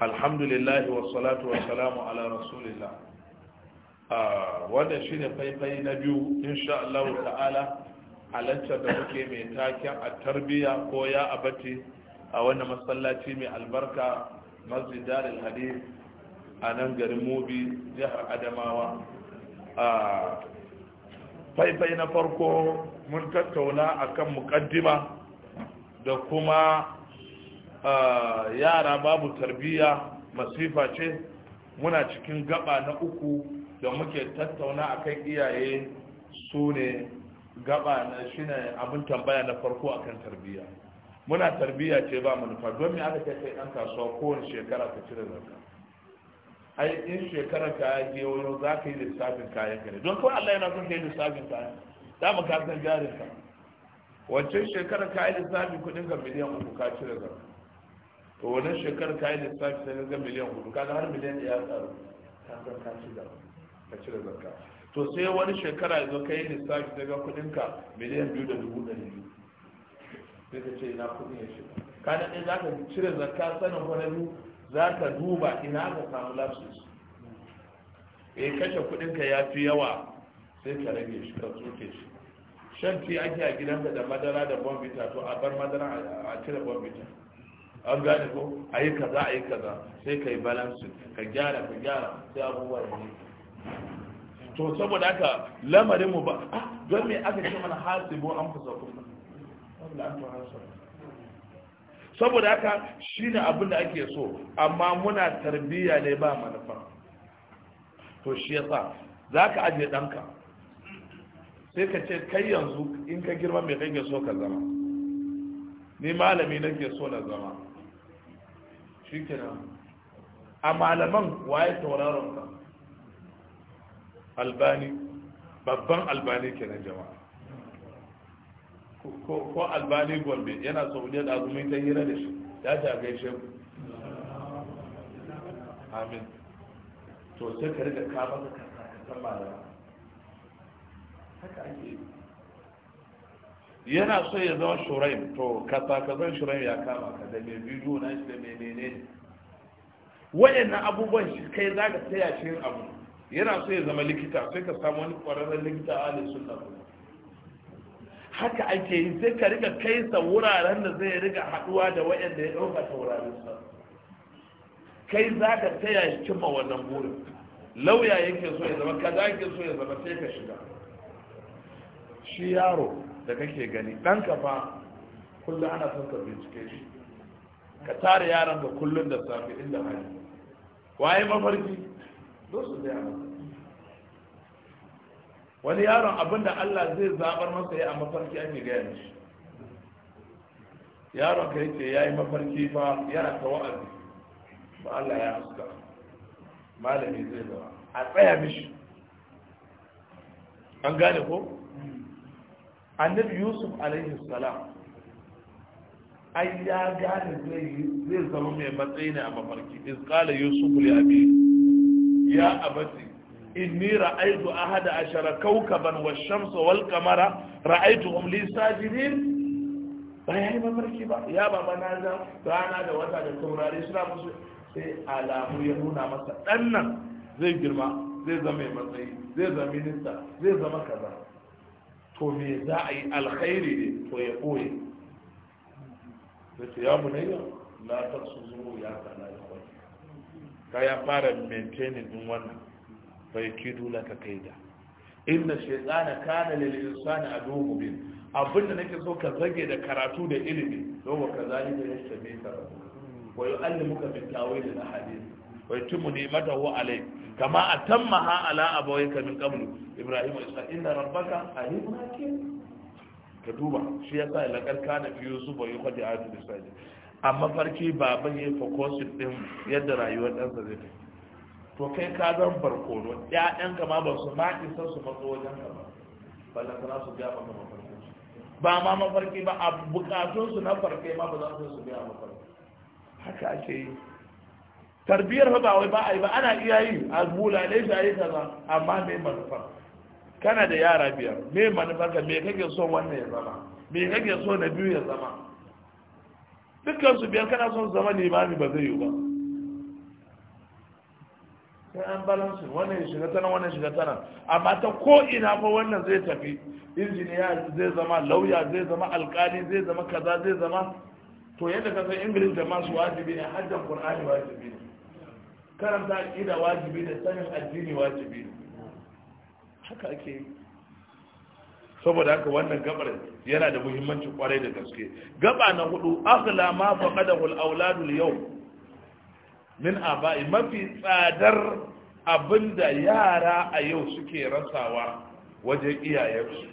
alhamdulillah wa salatu wa salamu ala rasulillah ah, wanda shine faifai na biyu insha Allah ta'ala halantar da muke mai taken a tarbiyya ko ya abati a wannan masallaci mai albarka masjidar alhadis a nan garin mubi jihar adamawa ah, faifai na farko mun tattauna akan mukaddima da kuma yara babu tarbiyya masifa ce muna cikin gaba na uku da muke tattauna akan iyaye su ne gaba na shine abin tambaya na farko akan tarbiyya muna tarbiyya ce ba manufa don me aka kai dan kasuwa kowane shekara ka cire zarka ai in shekara ka yi wani za ka yi lissafin kayan ka ne don kawai Allah yana son ka yi lissafin kayan za mu kasar san jarin ka wancan shekara ka yi lissafin kuɗin ka miliyan uku ka cire zarka to wannan shekarar ka yi lissafi sai ga miliyan hudu kaga har miliyan ya tsaro ka ga ka ci da ka ci da zakka to sai wani shekara ya zo ka yi lissafi sai ga kudin ka miliyan biyu da dubu ɗari biyu sai ka ce ina kudin ya shiga ka da ɗaya za ka cire zakka sanin wani biyu za ka duba ina ka samu lapsus E kashe kudin ka ya fi yawa sai ka rage shi ka tsoke shi shan ti ake a gidanka da madara da bombita to a bar madara a cire bombita an gane ko a yi kaza a yi kaza sai ka yi balansu ka gyara ka gyara sai abubuwa da ne to saboda haka lamarin mu ba ah, don me aka ce mana bo an fasa kuma saboda haka shi ne abin da ake so amma muna tarbiyya ne ba manufa to shi ya sa za ka ajiye ɗanka sai ka ce kai yanzu in ka girma mai kake so ka zama ni malami nake so na zama shikenan a malaman waye tauraron ka albani babban albani kenan jama'a ko albani gombe yana saudiya da azumin ta hira da shi ya ta a gaishe ku amin to sai ka riga ka masa kasa ka san malama haka ake yi yana so ya zama shuraim to kasa zan shuraim ya kama ka da mai bidiyo na shi da mai nene waɗannan abubuwan shi kai za ka taya shi abu yana so ya zama likita sai ka samu wani ƙwararren likita a alin sunna haka ake yi sai ka riga kai sa wuraren da zai riga haɗuwa da waɗanda ya ɗauka wuraren sa kai za ka taya shi cimma wannan burin lauya yake so ya zama kaza yake so ya zama sai ka shiga shi yaro da kake gani ɗanka fa kullum ana son ka bincike shi ka tare yaran da kullum da safe inda hali waye mafarki zo su zai masa wani yaron abinda Allah zai zabar masa ya a mafarki an yi gaya shi yaron ka ya yayi mafarki fa yana ta wa'azi ba Allah ya haska malami zai zama a tsaya mishi an gane ko annabi yusuf alaihi salam ai ya gane zai zama mai matsayi ne a mafarki iz qala yusuf li abi ya abati inni ra'aytu ahada ashara kawkaban wash-shamsa wal-qamara ra'aytuhum li sajidin ba ya yi mafarki ba ya baba na ga rana da wata da taurari suna musu sai alamu ya nuna masa ɗan nan zai girma zai zama mai matsayi zai zama minista zai zama kaza to me za a yi alkhairi ne to ya koye da ya mu nayya na ta su zuwa ya kana ya wani ka ya fara maintaining din wannan bai kidu la ka kai da inna shaytana kana lil insani aduwwun bin abinda nake so ka zage da karatu da ilimi don wa kazalika yashtabika wa yu'allimuka min tawil al ahadith wa yutimmu ni'matahu alayk kama أتمها على أبويك من قبل إبراهيم wa isa inna rabbaka alimun hakim ka duba shi yasa ya lakar kana fi yusuf wa yuqadi adu bisaji amma farki baban ya ذلك yadda zai to kai ka zan barkono ƴaƴanka ma ba su ma san su matso wajen ba kana su biya maka mafarki ba ma mafarki ba a bukatunsu na farke ma ba za su biya mafarki haka ake yi tarbiyar ba wai ba a yi ba ana iya yi a ne shi a yi kaza amma me manufar kana da yara biyar me manufar ka me kake so wannan ya zama me kake so na biyu ya zama dukkan su biyar kana son zama limami ba zai yi ba sai an balansu wannan shiga tana wannan shiga tana amma ta ko ina fa wannan zai tafi injiniya zai zama lauya zai zama alkali zai zama kaza zai zama to yadda ka san english da masu wajibi ne haddan qur'ani wajibi ne karanta aƙida wajibi da sanin addini wajibi haka ake yi saboda haka wannan gabar yana da muhimmanci kwarai da gaske gaba na hudu akhla ma faqadahu al-awladu al-yawm min aba'i mafi tsadar abinda yara a yau suke rasawa wajen iyayensu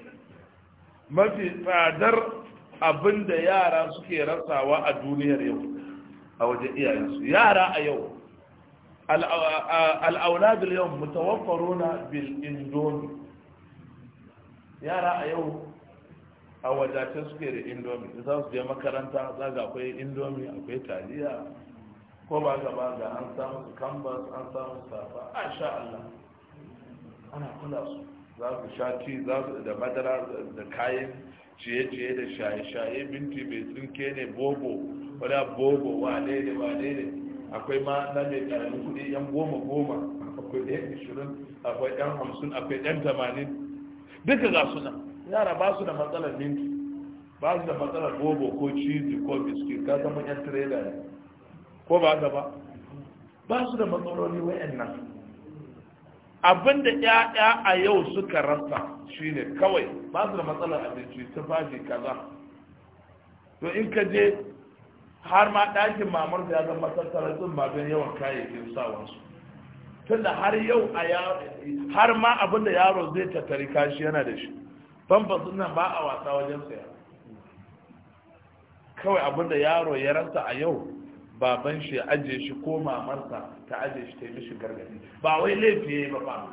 mafi tsadar abinda yara suke rasawa a duniyar yau a wajen iyayensu yara a yau al'aula bil yau mutawaffaruna bil indomi yara a yau a wadace suke da indomi za su je makaranta za ga akwai indomi akwai taliya ko ba ba ga an samu kambas an samu safa a sha Allah ana kula su za su sha ci za su da madara da kayan ciye-ciye da shaye-shaye binti mai tsinke ne bobo wadda bobo wane ne wane ne akwai ma na mai ƙaramin kuɗi yan goma goma akwai yan ishirin akwai yan hamsin akwai yan tamanin duka ga suna yara ba su da matsalar minti ba su da matsalar bobo ko cizi ko biskit ka zama yan tireda ne ko ba haka ba ba su da matsaloli nan abin da ƴaƴa a yau suka rasa shine kawai ba su da matsalar abinci faji kaza to in ka je har ma ɗakin mamar da ya zama tattara sun ba don yawan kayayyakin sawansu tunda har yau a har ma abin da yaro zai tattari kashi yana da shi famfas suna ba a wasa wajen saya kawai abin da yaro ya rasa a yau baban shi ajiye shi ko mamarsa ta ajiye shi ta yi mishi gargadi ba wai laifi ya yi ba ba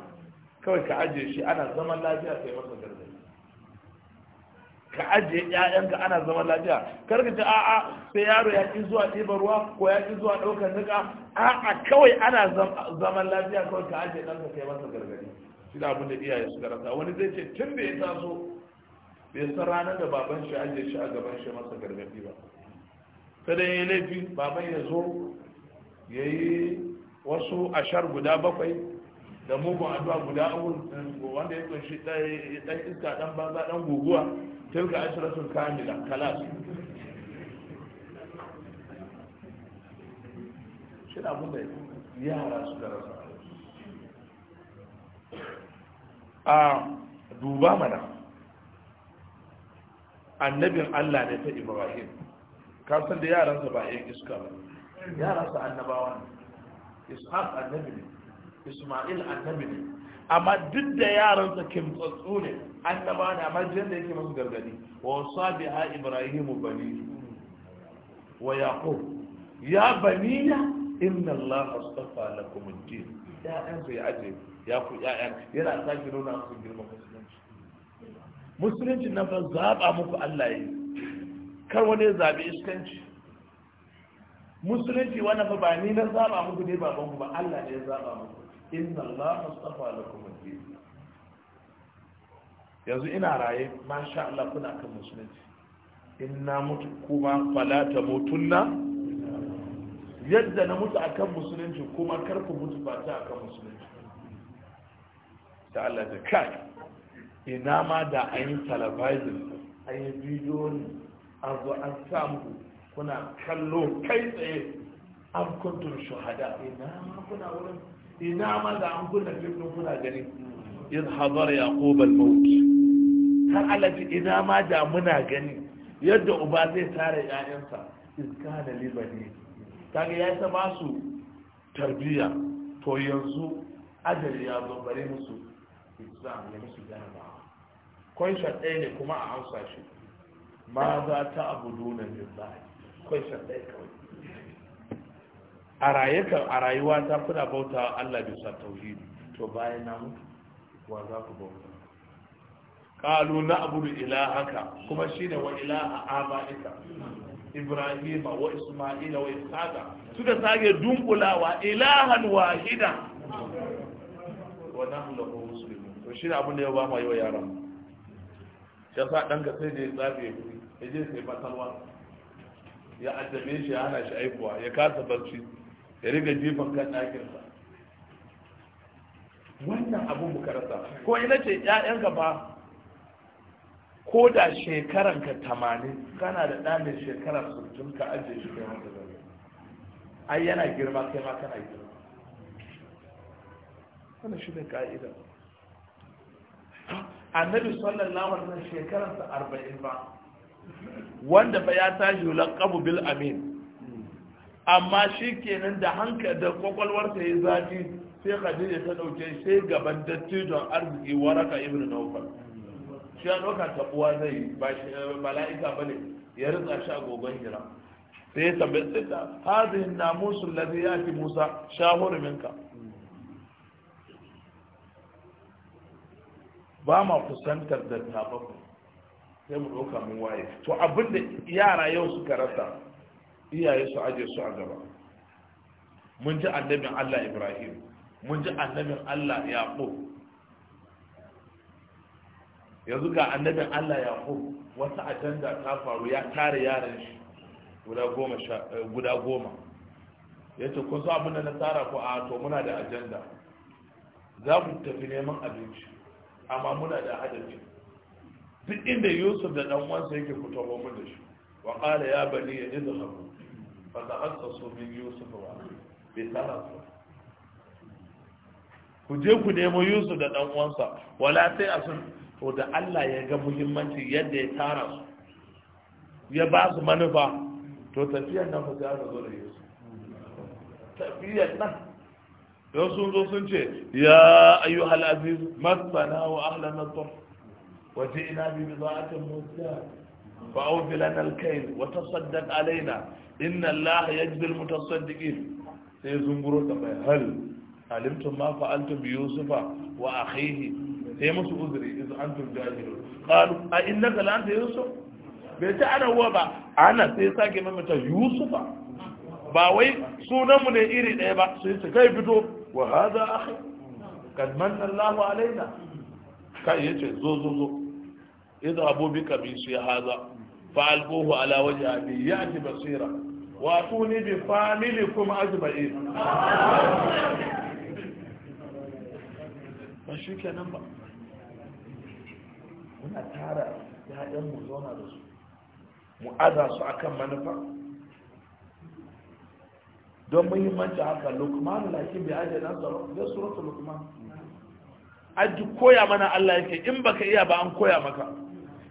kawai ka ajiye shi ana zaman lafiya ta yi masa gargadi ka ajiye ƴaƴanka ana zaman lafiya kar ka ce a'a sai yaro ya ƙi zuwa ɗiban ruwa ko ya ƙi zuwa ɗaukar niƙa a'a kawai ana zaman lafiya kawai ka ajiye ɗanka kai masa gargadi shi da abin da iyaye suka rasa wani zai ce tun da ya taso bai san ranar da baban shi ajiye shi a gaban shi masa gargadi ba ta da ya yi laifi baban ya zo ya yi wasu ashar guda bakwai da mugun addu'a guda uku wanda ya kunshi ɗan iska ɗan banza ɗan guguwa tilka ashratun kamila kalas shi da abin da yara su da rasa a duba mana annabin Allah ne ta Ibrahim kasan da yaransa ba yan iska ba yaransa annabawa ne ishaq annabi ne isma'il annabi ne amma duk da yaransa kimtsatsu ne an da amma jin da yake musu gargadi wa ha ibrahimu bani wa yaqub ya ya inna allah astafa lakum ad-din ya'an sai aje ya ku ya'an yana saki nuna musu girma musulunci musulunci na ba zaba muku Allah yi kar wani zabi iskanci musulunci wani ba ni na zaba muku ne babanku ba Allah ne ya zaba muku inna Allah mustafa lakum ad-din yanzu ina raye masha Allah kuna kan musulunci inna mutu kuma fala ta mutunna yadda na mutu akan musulunci kuma kar ku mutu ba ta akan musulunci ta Allah da kai ina ma da an yi televising an yi bidiyo ne an zo an samu kuna kallo kai tsaye an kuntun shuhada ina ma kuna wurin ina ma da an kunna fim din kuna gani in hazar yaqub al-maut har alaji ina ma da muna gani yadda uba zai tare 'ya'yansa iska da libani kaga ya ta basu tarbiyya to yanzu ajali ya zo musu islam ya musu jarabawa kwaishan ɗaya ne kuma a hausa shi ma za ta abu nuna min dunan jin kawai a rayuwa a rayuwa ta kuna bauta Allah bisa tauhidi to bayan na mutu wa za ku bauta qalu na'budu ilahaka kuma shine wa ilaha abaika ibrahima wa isma'ila wa ishaqa suka sage dunkulawa ilahan wahida wa nahnu lahu muslimun to shine abin da ya ba mu yau yaran ya sa danka sai da ya ya je sai batalwa ya addabe shi ya hana shi aikuwa ya kasa barci ya riga jifan kan ɗakinsa wannan abin muka rasa ko ina ce ƴaƴanka ba ko da shekaranka tamanin kana da ɗanin shekarar sittin ka ajiye shi kai wanda zai ai yana girma kai ma kana girma wannan shi ne ka'ida annabi sallallahu alaihi wasallam shekaransa arba'in ba wanda ba ya tashi laqabu bil amin amma shi kenan da hanka da kwakwalwarta ya zafi sai khadija ta dauke sai gaban dattijon arziki waraka ibn naufal shi ya dauka tabuwa zai ba eh, mala'ika bane ya rutsa shi a gogon hira sai ya tambaye sai ta hadhihi namusu ya yati musa shahuru minka ba ma kusantar da tabaku sai mu dauka mun waye to abinda yara yau suka rasa iyaye su aje su a gaba mun ji annabin Allah Ibrahim mun ji annabin Allah Yaqub yanzu ga annabin Allah Yaqub wata ajanda ta faru ya kare yaran shi guda goma eh, guda goma yace kun san abin da na tsara ko a to muna da ajanda za ku tafi neman abinci amma muna da hadari duk inda Yusuf da dan uwansa yake fito mun da shi wa qala ya bani idhabu fatahassasu min yusuf wa bi tarasu ku je ku nemo yusuf da dan uwansa wala sai sun to da Allah ya ga muhimmanci yadda ya tara su ya ba su manufa to tafiyar nan fa sai aka zo da yusuf tafiyar nan don sun zo sun ce ya ayyuhal aziz masana wa ahlan nadhr wa ji'na bi bida'atin mu fa awfi lana al-kayl wa tasaddaq alaina inna ya allaha yajzil mutasaddiqin sai zunguro da mai hal alimtum ma fa'altum bi yusufa wa akhihi sai musu uzuri iz antum jahilun qalu a innaka la anta yusuf bai ta ana huwa ba ana sai sake mamata yusufa ba wai sunanmu ne iri ɗaya ba sai su kai fito wa hadha akhi kad manna Allah alaina kai yace zo zo zo idza abu bi kabisu ya haza. فألقوه على وجه أبي يأتي بصيرا وأتوني بفاملكم أجمعين ba shi ke nan ba muna tara ya'yan mu zauna da su mu aza su akan manufa don muhimmanci haka lukman lakin bai ajiye nan tsaro zai surata lukman aji koya mana allah yake in baka iya ba an koya maka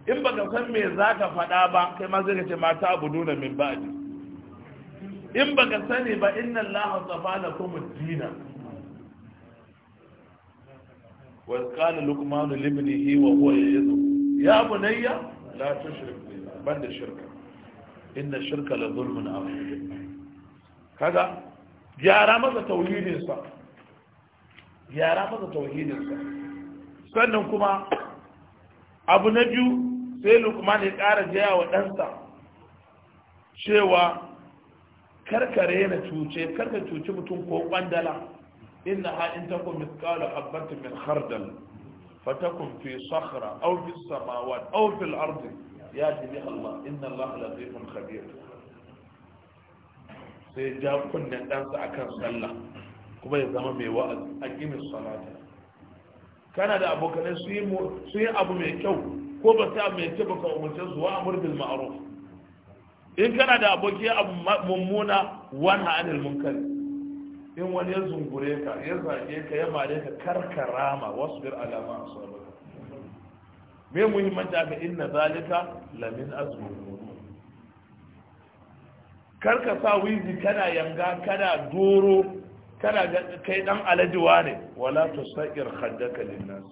in ba ka san me za ka faɗa ba kai ma zai ka ce mata abu nuna min ba'di in ba ka sani ba inna allaha tsafa da kuma dina wa kana luqman li yi wa huwa ya'izu ya bunayya la tushrik billah banda shirka inna shirka la zulmun azim kaga gyara masa tauhidin sa gyara masa tauhidin sa sannan kuma abu na biyu sai lukman ya ƙara jaya wa ɗansa cewa karkare na cuce karka cuce mutum ko ƙwandala inna ha in ta kun misƙala habbatin min hardal kun fi sakhra aw fi samawat aw fil ardi ya jibi Allah inna Allah latifun khabir sai ja kunnen ɗansa akan sallah kuma ya zama mai wa'azi a kimin salata kana da abokanai su yi abu mai kyau ko ba sai mai ce baka umarce su wa amur bil ma'ruf in kana da aboki abu mummuna wani anil munkar in wani ya zungure ka ya zage ka ya mare ka wasu wasbir alama a asabaka me muhimmanci aka inna zalika lamin azmi karka sa wizi kana yanga kana doro kana kai dan alajiwa ne wala tusair khaddaka linnas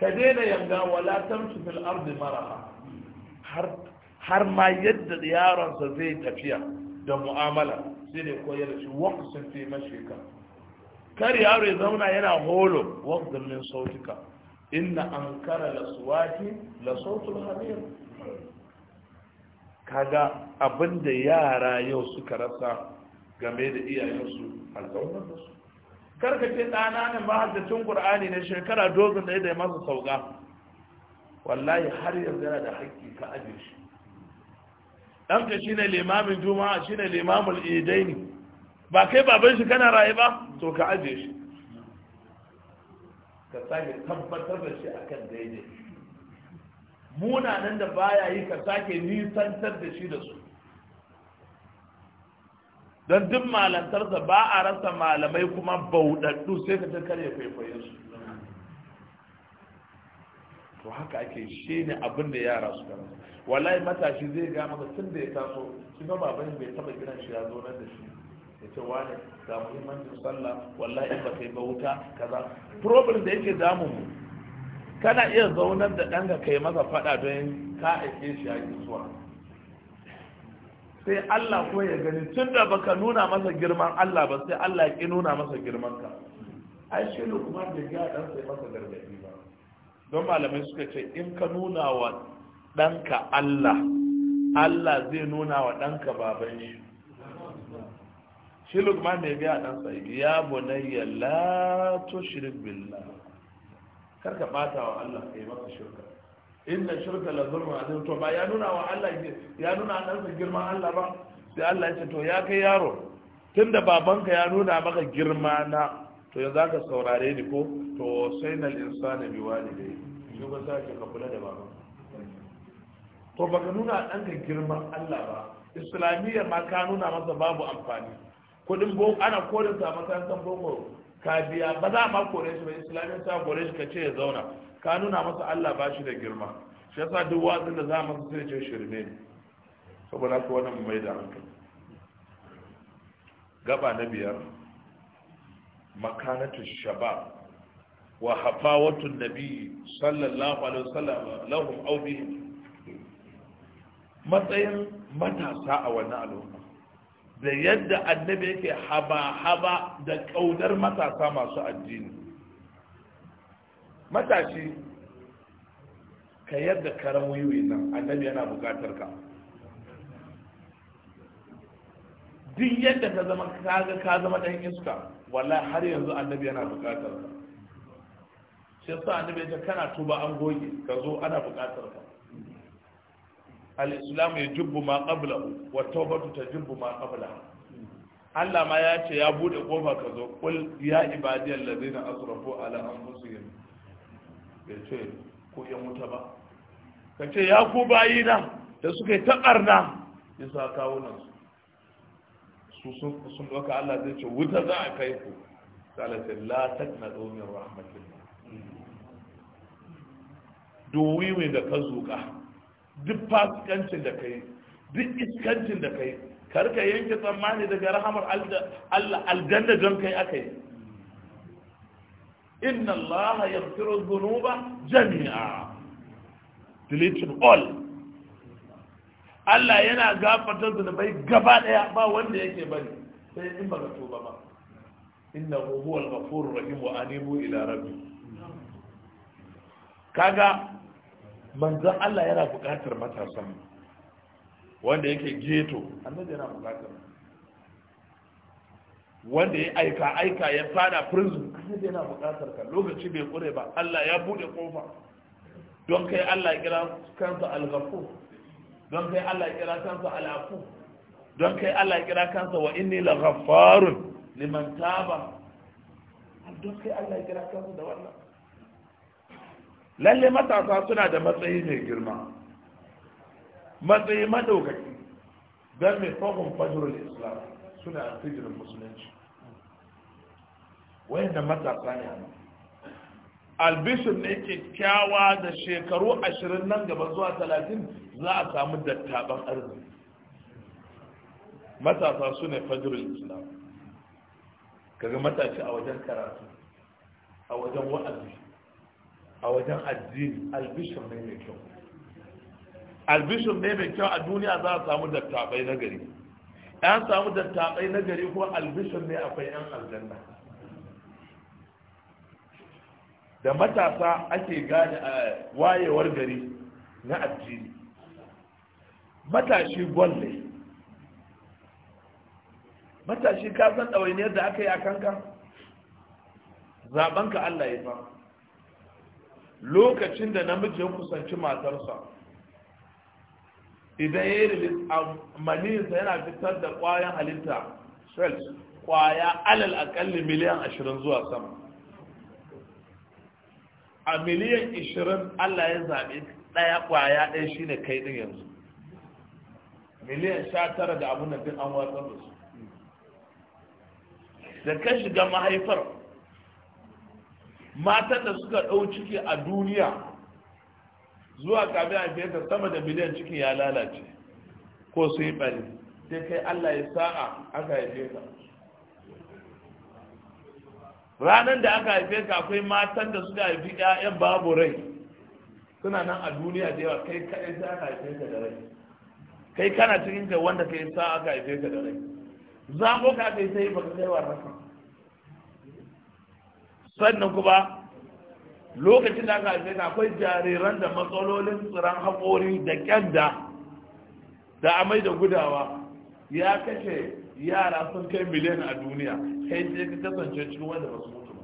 ka daina yanga wala tamshi fil ardi maraha har har ma yadda yaronsa zai tafiya da mu'amala sai da koyar da shi waqsin fi mashika kar yaro ya zauna yana holo waqsin min sautika inna ankara laswati la sautul hamir kaga abinda yara yau suka rasa game da iyayensu a su karka ce ɗana ne mahaddacin ƙur'ani ne shekara dozin da ya masa sauka wallahi har yanzu yana da haƙƙi ka aje shi ɗanka shi ne limamin juma'a shi ne limamin idaini ba kai baban shi kana raye ba to ka aje shi ka sake tabbatar da shi akan daidai munanan da baya yi ka sake nisantar da shi da su don duk malantarsa ba a rasa malamai kuma bauɗaɗɗu sai ka ta karya kwaikwaye su to haka ake shi ne abin da yara su kan wallahi matashi zai ga maka tun da ya taso shi ba baban bai taba gidan shi ya zo nan da shi ya ce wane ga muhimmancin sallah wallahi in ba kai ba wuta kaza problem da yake damun mu kana iya zaunar da ɗanka kai masa faɗa don ka aike shi a gizuwa sai Allah ko ya gani tun da baka nuna masa girman Allah ba sai Allah ya ki nuna masa girman ka ai shi kuma da ya dan sai masa gargadi ba don malamai suka ce in ka nuna wa ɗanka Allah Allah zai nuna wa ɗanka baban shi shi Luqman ne ga dan sai ya bunayya la tushrik billah karka bata wa Allah kai maka shirka inna shirka la zulmun azim to ba ya nuna wa Allah ya nuna an san girman Allah ba sai Allah ya ce to ya kai yaro tunda babanka ya nuna maka girma na to yanzu zaka saurare ni ko to sainal insani bi walidai shi ba sa ka kula da baban to baka nuna danka girman Allah ba islamiyya ma ka nuna masa babu amfani kudin bo ana korinta makarantar boko ka Kadiya ba za ma kore shi ba islamiyya ta kore shi ka ce ya zauna ka nuna masa Allah ba shi da girma shi yasa duk wazin da za masa sai ce shirme ne saboda ko wannan mai da hankali gaba na biyar makanatu shabab wa hafawatu nabi sallallahu alaihi wasallam lahum aw matsayin matasa a wannan al'umma da yadda annabi yake haba haba da kaudar matasa masu addini matashi ka yadda karan wiwi nan annabi yana bukatar ka din yadda ka zama kaga ka zama dan iska wallahi har yanzu annabi yana bukatar ka shi yasa annabi ya kana tuba an goge ka zo ana bukatar ka al-islam yajubbu ma qabla wa tawbatu tajubbu ma qabla Allah ma ya ce ya bude kofa ka zo kul ya ibadiyal ladina asrafu ala anfusihim bai ce ko yan wuta ba ka ce ya ku bayi na da suka yi taɓarna ya sa kawunan su sun doka Allah zai ce wuta za a kai ku salatu la takna domin rahmatin wiwi da ka zuƙa duk fasikancin da ka yi duk iskancin da ka yi karka yanke tsammani daga rahamar Allah aljanna don kai akai inna allaha yaghfiru dhunuba jami'a deletion all Allah yana gafata zunubai gaba daya ba wanda yake bari sai in baka tuba ba huwa al-ghafur rahim wa anibu ila rabbi kaga manzon Allah yana bukatar matasan wanda yake geto annabi yana bukatar wanda ya aika aika ya fada prison masjid yana buƙatar ka lokaci bai kure ba Allah ya bude kofa don kai Allah ya kira kansa al don kai Allah ya kira kansa al-afu don kai Allah ya kira kansa wa inni la ghaffarun liman taba don kai Allah ya kira kansa da wannan lalle matasa suna da matsayi mai girma matsayi madaukaki don mai tsohon fajirul islam suna a fijirin musulunci da matasa ne albishir ne kyakkyawa da shekaru ashirin nan gaba zuwa talatin za a samu dattaban arziki matasa su ne fajirin islam kaga matashi a wajen karatu a wajen wa'azi a wajen addini albishir ne mai kyau albishir ne mai kyau a duniya za a samu dattabai na gari samu dattabai na gari ko albishir ne akwai yan aljanna da matasa ake gane a wayewar gari na addini matashi gwalle matashi ka san ɗawainiyar da aka yi a kanka ka allah ya fa lokacin da namiji ya kusanci matarsa idan ya yi malinsa yana fitar da ƙwayan halitta cells ƙwaya alal akalli miliyan ashirin zuwa sama a miliyan 20 Allah ya zaɓe ɗaya ƙwaya ɗaya shi ne kai ɗin yanzu miliyan 19 da abun nan an watsar da su da ka shiga mahaifar matan da suka ɗau ciki a duniya zuwa kafin a ta sama da miliyan ciki ya lalace ko su yi ɓari sai kai Allah ya sa'a aka haife ka ranar da aka haife ka akwai matan da suka haifi ƴaƴan babu rai suna nan a duniya da yawa kai kaɗai sai aka haife ka da rai kai kana cikin ka wanda kai sa aka haife ka da rai zaɓo ka kai sai baka kai wa rasa sannan kuma lokacin da aka haife ka akwai jariran da matsalolin tsiran haƙori da ƙyanda da amai da gudawa ya kashe yara sun kai miliyan a duniya kai sai ka kasance cikin wanda ba su mutu ba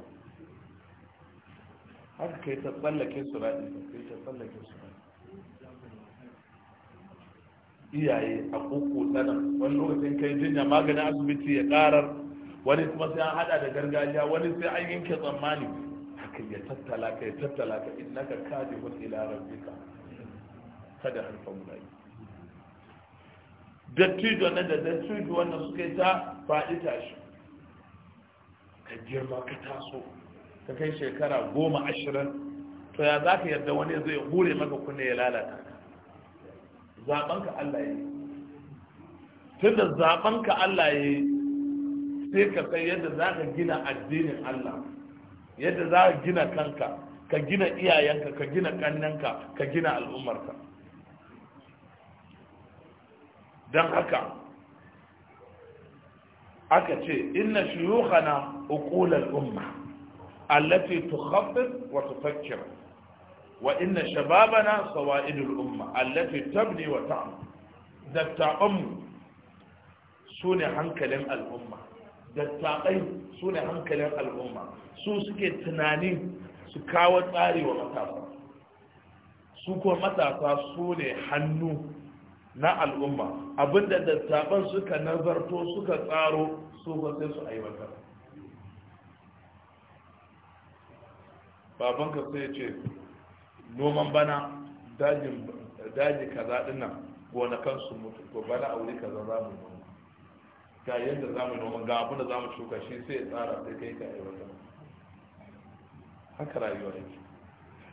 haka kai ta tsallake su raɗi kai ta tsallake su raɗi iyaye a koko sanan wani lokacin kai jinya maganin asibiti ya karar wani kuma sai an hada da gargajiya wani sai an yanke tsammani haka ya tattala ka ya tattala ka kaji wasu ilarar duka kada harfa mulai dattijo na da dattijo wannan suka yi ta faɗi tashi ka girma ka taso ka kai shekara goma ashirin to ya za ka yarda wani zai hure maka kunne ya lalata ka Allah ya yi tun da zaɓenka Allah ya yi sai ka kai yadda za ka gina addinin Allah yadda za ka gina kanka ka gina iyayenka ka gina ƙannenka ka gina al'ummarka don haka aka ce inna shuyukhana uqulal umma allati tukhabbit wa tufakkir wa inna shababana sawaidul umma allati tabni wa ta'am dattaqan sune hankalin al'umma dattaqai sune hankalin al'umma su suke tunani su kawo tsari wa matasa su kuma matasa su ne hannu na al'umma abinda dattaban suka nazarto suka tsaro su ba sai su aiwatar babanka sai ce noman bana daji kaza dinnan gonakan su mutu to bana aure kaza za mu noma ga yadda za mu noma ga abinda za mu shuka shi sai ya tsara sai kai ka aiwatar haka rayuwa yake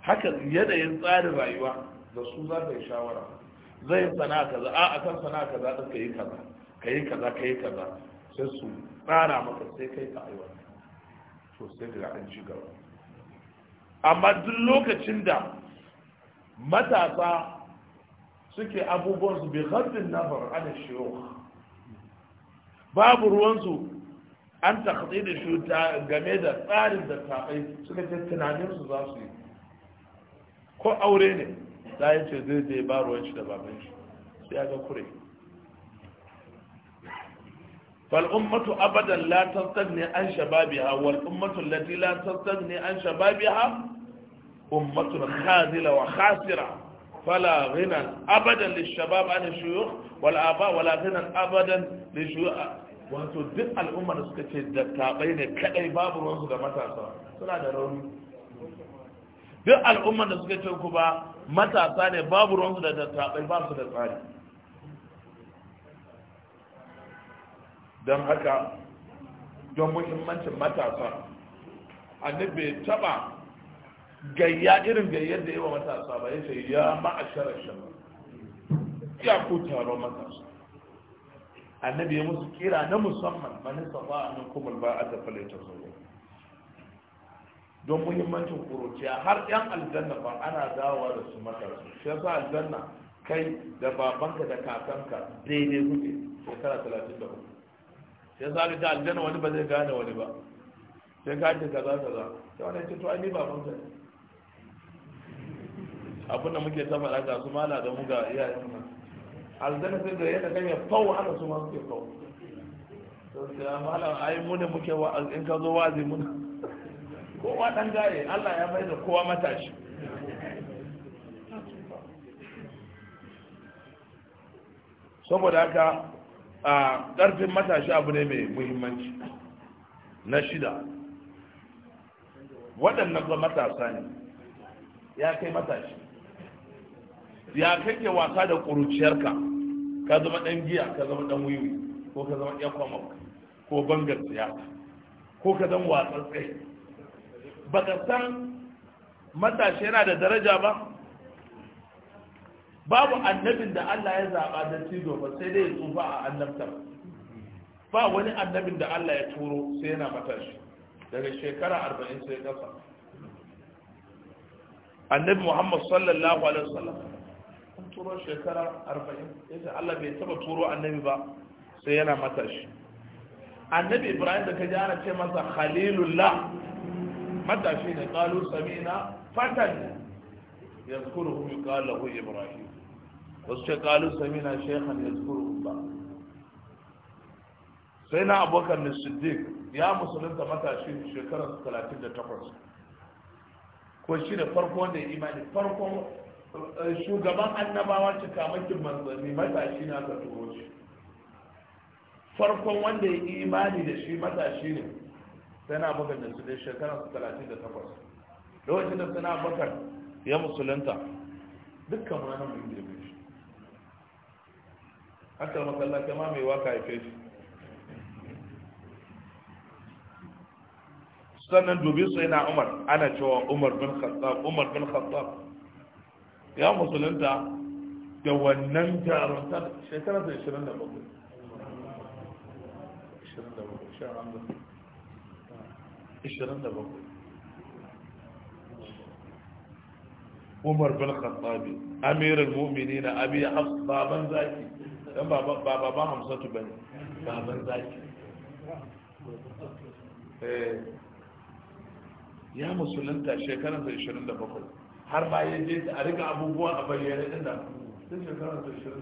haka yanayin tsarin rayuwa da su za ka yi shawara zai sana kaza a a kan sana kaza din ka yi kaza ka yi kaza ka yi kaza sai su tsara maka sai kai ka aiwata to sai da an ci gaba amma duk lokacin da matasa suke abubuwan su bai haddin nafar ana shiyo babu ruwansu an takatsi da shi game da tsarin da taɓai suka ce tunaninsu za su yi ko aure ne da ya ce zai je ba ruwan shi da baban shi sai ya ga kure fal ummatu abadan la ne an shababiha wal ummatu lati la ne an shababiha ummatun khazila wa khasira فلا غنى ابدا للشباب عن الشيوخ والاباء ولا غنى abadan للشيوخ wato duk al'ummar suka ce dattabai ne kadai babu ruwansu ga matasa suna da rauni duk al'ummar da suka ce ku ba matasa ne babu ruwansu da dattabai ba su da tsari don haka don muhimmancin matasa annabi taba gayya irin gayyar da yawa matasa ba ya ce ya ma'asharar shaba ya ku taron matasa annabi ya musu kira na musamman manisa ba a nan kuma ba a tafi laita zuwa don muhimmancin kuruciya har yan aljanna ba ana dawowa da su makarsu shi yasa aljanna kai da babanka da kakanka daidai kuke shekara talatin da uku sai za ka aljanna wani ba zai gane wani ba sai ka ce kaza kaza sai wani ce to ai ni babanka ne abin da muke ta faɗa ga su mala da mu ga iyayen mu aljanna sai da yadda kan ya fawo haka su ma suke fawo to sai mala ai mu ne muke wa in ka zo wazi muna kowa dan gaye Allah ya bai da kowa matashi saboda haka a ƙarfin matashi abu ne mai muhimmanci na shida waɗannan ba matasa ne ya kai matashi ya ke wasa da ƙuruciyarka ka zama ɗan giya ka zama ɗan wiwi ko ka zama ɗan kwamar ko bangar siyasa ko ka zama wasan tsaye baka san matashi yana da daraja ba babu annabin da Allah ya zaɓa da cido ba sai dai tsufa a annabtar ba wani annabin da Allah ya turo sai yana matashi daga shekara arba'in sai ƙasa annabi muhammad sallallahu alaihi wasallam an turo shekara arba'in yadda Allah bai taɓa turo annabi ba sai yana matashi annabi ibrahim da ka ji ana ce masa khalilullah matashi ne qalu sami'na fatan yadhkuruhu yuqalu lahu ibrahim wasu ce qalu sami'na shaykhan yadhkuruhu ba sai na abokan na siddiq ya musulunta matashi shekarar 38 ko shi ne farko wanda ya imani farko eh, shugaban annabawa cikamakin manzanni matashi na ka turo shi farkon wanda ya imani da shi matashi ne tana bakar da su dai shekara su talatin da takwas lokacin da tana bakar ya musulunta dukkan wani mun girbe shi hatta makalla kama mai waka haife shi sannan dubi su yana umar ana cewa umar bin khattab umar bin khattab ya musulunta da wannan jarumtar shekara 27 27 shan 27 umar bin khattabi amirul mu'minin abi baban zaki dan baba baba hamsatu bane baban zaki eh ya musulunta shekaran 27 har ba ya je a riga abubuwan a bayyane din nan sun shekaran 27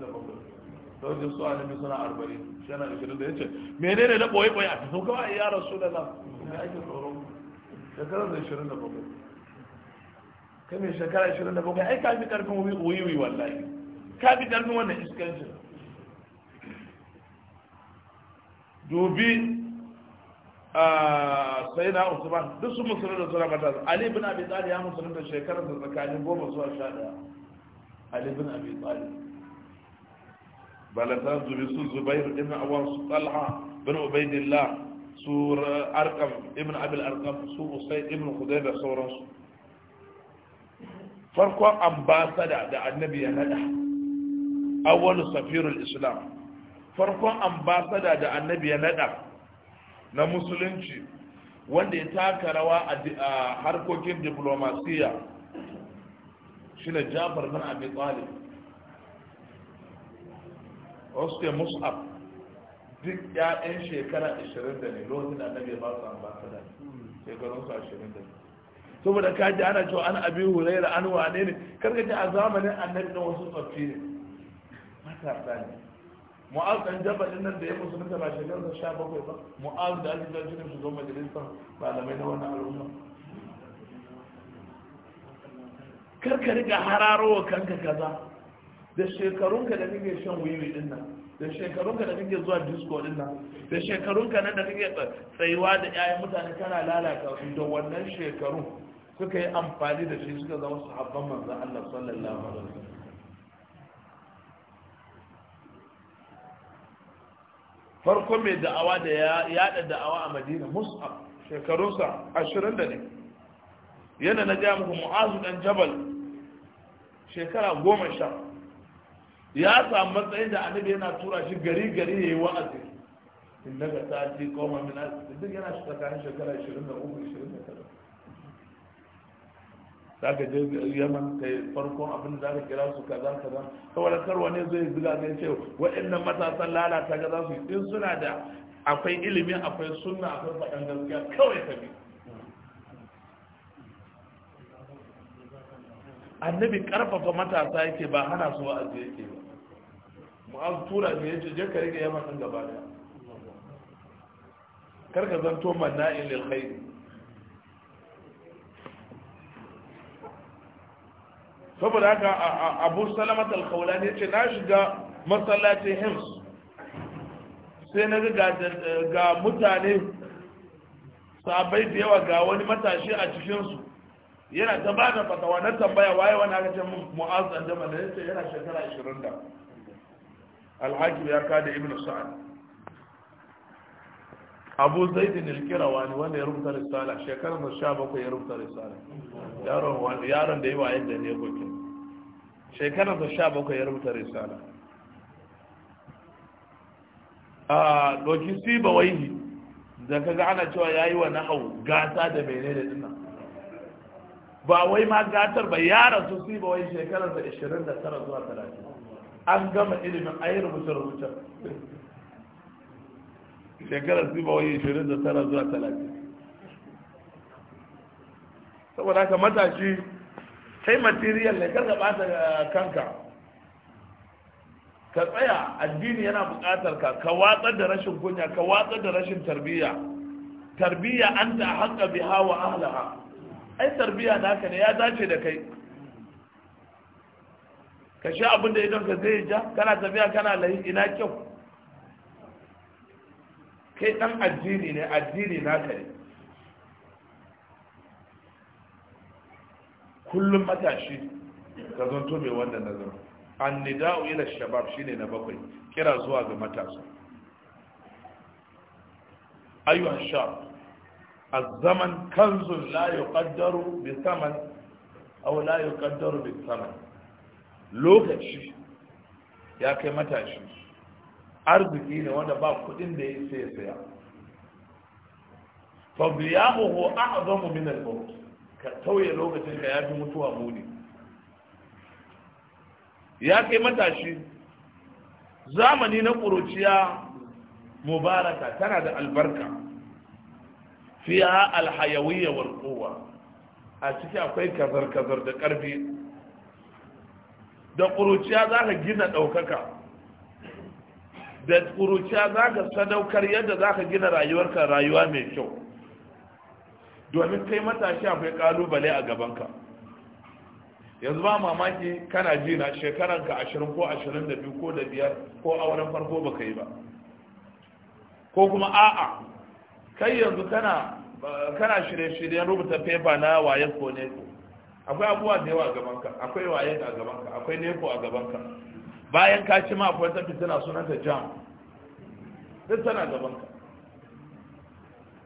lokacin su a suna arba'in shana 20 da ya ce menene na boye boye a tafi kawai ya rasu da nan me ake tsoro shekara da 27 kai mai shekara 27 ai ka fi karfin wuyi wallahi ka fi karfin wannan iskancin dubi sai na usman duk su musulun da suna matasa ali bin abi tsari ya musulun da shekarar da tsakanin goma zuwa sha daya ali bin abi tsari balatan zubi su zubairu ibn awan su talha bin ubaidillah su arkam ibn abil arkam da sauransu farkon ambasada da annabi ya nada safirul islam farkon ambasada da annabi ya na musulunci wanda ya taka rawa a harkokin diplomasiya shine Jafar bin Abi Talib wasu ke Mus'ab duk 'ya'yan shekara 20 da ne lokacin da annabi ya ba su ambasada shekarun su 20 da ne saboda ka ji ana cewa an abi huraira an wane ne karka ji a zamanin annabi na wasu tsoffi ne matasa ne mu'az dan jabba din nan da ya musu mutunta ba shekarun sa 17 ba mu'az da ake jan shi zo majalisar malamai na wannan al'umma karka riga hararowa kanka kaza da shekarunka da kake shan wiwi din nan da shekarunka da kake zuwa disco din nan da shekarunka nan da kake tsayuwa da ƴaƴan mutane kana lalata su da wannan shekarun suka yi amfani da shi suka zama sahabban manzan Allah sallallahu alaihi wasallam farko mai da'awa da ya yada da'awa a Madina Mus'ab shekarunsa 20 da ne yana na ga muku Mu'az dan Jabal shekara 10 ya samu matsayin da annabi yana tura shi gari gari ya yi wa'azi in daga sati koma min asibiti duk yana shi tsakanin shekara 23 Za ka je yaman kai farkon abin da zaka kira su kaza kaza saboda kar wani zai zuga ne ce waɗannan matasan lalata ga za su yi in suna da akwai ilimin akwai sunna akwai faɗan gaskiya kawai ka bi annabi karfafa matasa yake ba hana su wa'azi yake ba mu'az tura ne yace je ka rike yaman din gaba daya kar ka zanto manna'in lil khair saboda haka abu salamat al ne, ce na shiga masallacin hims sai na ga mutane sabai da yawa ga wani matashi a cikinsu yana ta ba da fatawa na tambaya waye wani aka ce mu'az dan jama'a yace yana shekara 20 da alhakim ya kada ibn sa'ad abu zaidin al-kirawani wanda ya rubuta risala shekarar da sha bakwai ya rubuta risala yaron yaron da yawa yadda ne gokin shekarar da sha bakwai ya rubuta risala a doki si da cewa wa da ba wai ma gatar ba ya rasu si bawai shekarar da 29 zuwa 30 an gama ilimin a yi rubuce-rubuce shekarar zuba wani tara zuwa talatin. saboda haka matashi kai material ne kar ka bata eh, kanka ka tsaya addini yana buƙatar ka ka watsar da rashin kunya ka watsar da rashin tarbiyya tarbiyya an ta haƙa biha wa ahlaha ai tarbiyya naka ne ya dace da kai ka sha abin da idon ka zai ja kana tafiya kana layi ina kyau kai dan addini ne addini ka ne kullum matashi ka zanto mai wannan nazarin an nida'u ila shabab shine na bakwai kira zuwa ga matasa ayyuhan shab la yuqaddaru bi thaman aw la yuqaddaru bi thaman lokaci ya kai matashi arziki ne wanda ba kuɗin da ya sai saya a a'zamu min al-maut ka tauye lokacin ka yafi mutuwa muni ya kai matashi zamani na ƙuruciya mubaraka tana da albarka fiya alhayawiyya wal quwwa a ciki akwai kazar kazar da karfi da ƙuruciya za ka gina ɗaukaka da ƙuruciya za ka sadaukar yadda za ka gina rayuwarka rayuwa mai kyau domin kai matashi akwai ƙalubale a gabanka yanzu ba mamaki kana jina shekaran shekaranka ashirin ko ashirin da biyu ko da biyar ko auren farko ba ka yi ba ko kuma a'a kai yanzu kana shirye-shiryen rubuta fefa na waye ko ne akwai abubuwa da yawa a gabanka akwai waye a gabanka akwai lefo a gabanka bayan ka ci ma akwai ta fitina sunanta jam duk tana gabanka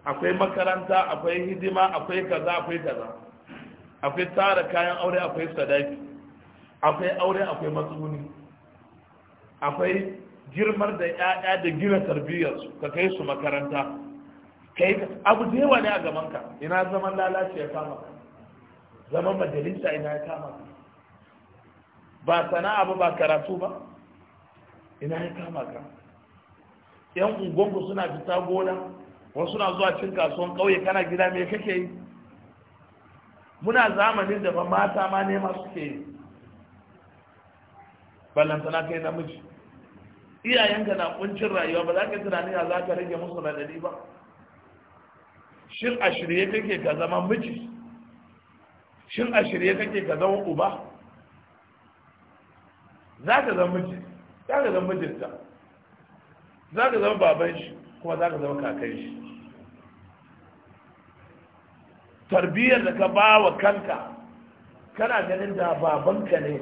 akwai makaranta akwai hidima akwai kaza akwai kaza akwai tsara kayan aure akwai sadaki akwai aure akwai matsuguni akwai girmar da 'ya'ya da gina tarbiyyarsu ka kai su makaranta kai abu da yawa ne a gabanka ina zaman lalace ya kama ka zaman majalisa ina ya kama ka ba sana'a ba ba karatu ba ina ya kama ka yan ungonku suna fita gona wasu suna zuwa cin kasuwan ƙauye kana gida me kake yi muna zamanin da ba mata ma nema suke yi ballantana kai namiji iyayenka na kuncin rayuwa ba za ka tunanin ya za ka rage musu radadi ba shin a shirye kake ka zama miji shin a shirye kake ka zama uba za ka zama miji za ka zama mijinta za ka zama baban shi kuma za ka zama kakan shi tarbiyyar da ka ba wa kanka kana ganin da babanka ne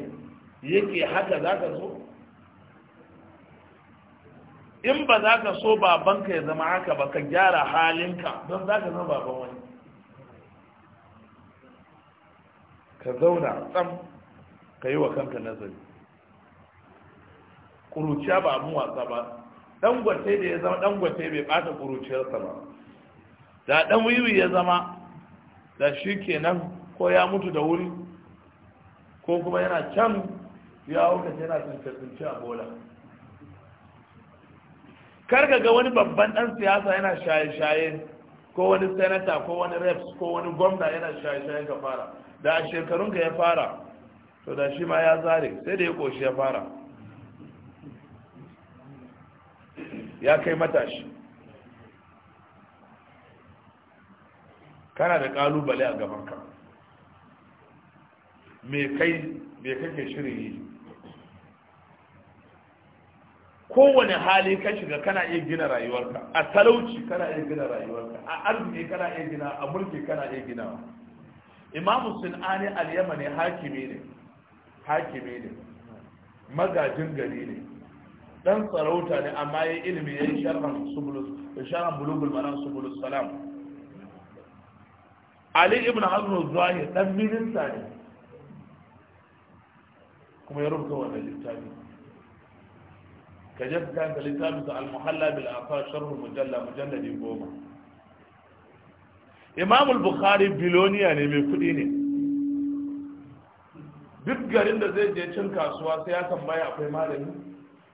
yake haka za ka so in ba za ka so babanka ya zama haka ba ka gyara halinka don za ka zama baban wani ka zauna tsam ka yi wa kanka nazari ƙuruciya ba abin wasa ba dangote da ya zama dangote bai bata ƙuruciyarsa ba da dan wiwi ya zama da shi kenan ko ya mutu da wuri ko kuma yana can ya hukace yana tsince a bola karka ga wani babban ɗan siyasa yana shaye-shaye ko wani senator ko wani reps ko wani gwamna yana shaye-shaye ka fara da a shekarunka ya fara to da shi ma ya zare sai da ya koshi ya fara ya kai matashi kana da kalubale a gabanka me kai me kake shirin yi kowane hali ka shiga kana iya gina rayuwarka a talauci kana iya gina rayuwarka a arziki kana iya gina a mulki kana iya gina. imamu sin'ani al-yamani hakimi ne hakimi ne magajin gari ne dan sarauta ne amma ya yi ilimi ya yi sharhan subulus sharhan bulugul maram subulus salam ali ibn hazm zahir dan minista ne kuma ya rubuta wannan littafi ka je ka kanta littafin sa al-muhalla bil afar sharh mujalla mujalladi goma imam bukhari biloniya ne mai kudi ne duk garin da zai je cin kasuwa sai ya tambaya akwai malami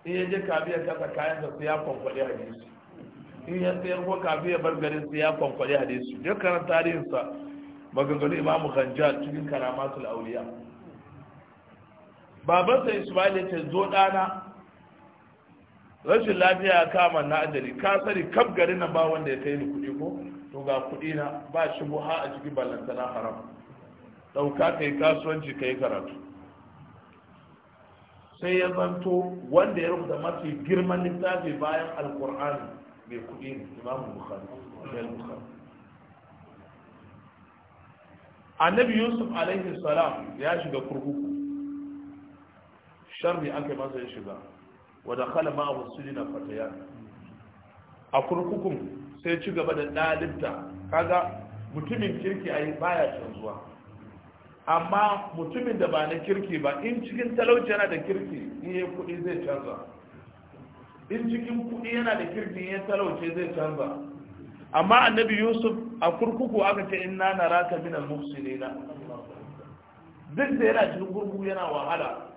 in ya je kabiya kasa kayan da sai ya kwankwade hadisi in ya sayar ko kabiya bar garin sai ya kwankwade hadisi dukkanin tarihinsa maganganu imamu ganjar cikin karamatul auliya babansa ismail ya ce zo ɗana rashin lafiya ya kama na ajali ka sani kaf garin nan ba wanda ya kai ni kuɗi ko to ga kuɗi na ba shi buha a cikin na haram ɗauka ka yi kasuwanci ka yi karatu sai ya zanto wanda ya rubuta mafi girman littafi bayan alkur'ani mai kuɗi ne imamu bukhari annabi yusuf alaihi salam ya shiga kurkuku sharri aka masa ya shiga wadda kala ma'abu sujina fatayar a kurkukun sai ci gaba da dalibta kaga mutumin kirki a yi baya canzuwa amma mutumin da ba na kirki ba in cikin talauci yana da kirki in yi kuɗi zai canza in cikin kuɗi yana da kirki in talauce talauci zai canza amma annabi yusuf a kurkuku aka ce in na raka min al-muhsinina duk da yana cikin kurkuku yana wahala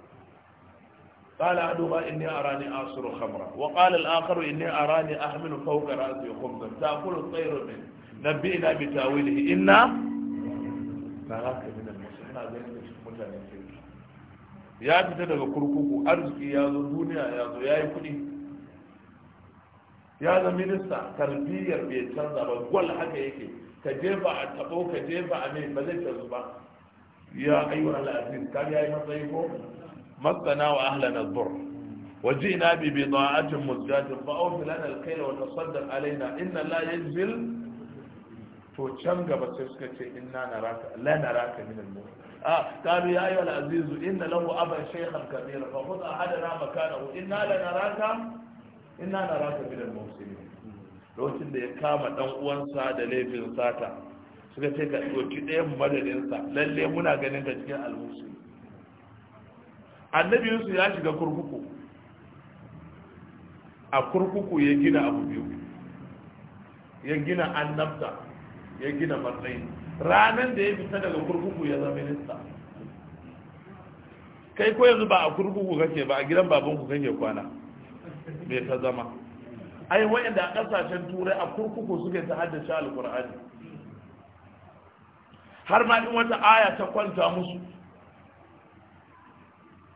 قال أدوما إني أراني آصر خمرا وقال الآخر إني أراني أحمل فوق رأسي خبزا تأكل الطير منه نبئنا بتاويله إنا من المسلمين ya fita daga kurkuku arziki ya zo duniya ya zo ya yi kuɗi ya zama minista tarbiyyar bai canza ba gwal haka yake ka jefa a tabo ka jefa a mai ba zai canzu ba ya مسنا وأهلنا الضر وجئنا ببضاعة مزجاة فأوف لنا الخيل وتصدق علينا إن لا ينزل to can gaba sai suka ce inna naraka la naraka min al-mu'min ah qalu ya ayyuhal aziz inna lahu aban shaykhan kabira fa khudh ahadana makanahu inna la naraka inna naraka min al-muhsinin lokacin da ya kama dan uwansa da laifin sata suka ce ga doki ɗayan madadinsa lalle muna ganin ka cikin al-muhsinin annabi ya shiga kurkuku a kurkuku ya gina abu biyu ya gina annabta ya gina matsayi ranar da ya fita daga kurkuku ya zama minista kai ko yanzu ba a kurkuku kake ba a gidan babanku kake kwana mai ta zama ai wayanda a kasashen turai a kurkuku suke ta haddace alkur'ani har ma in wata aya ta kwanta musu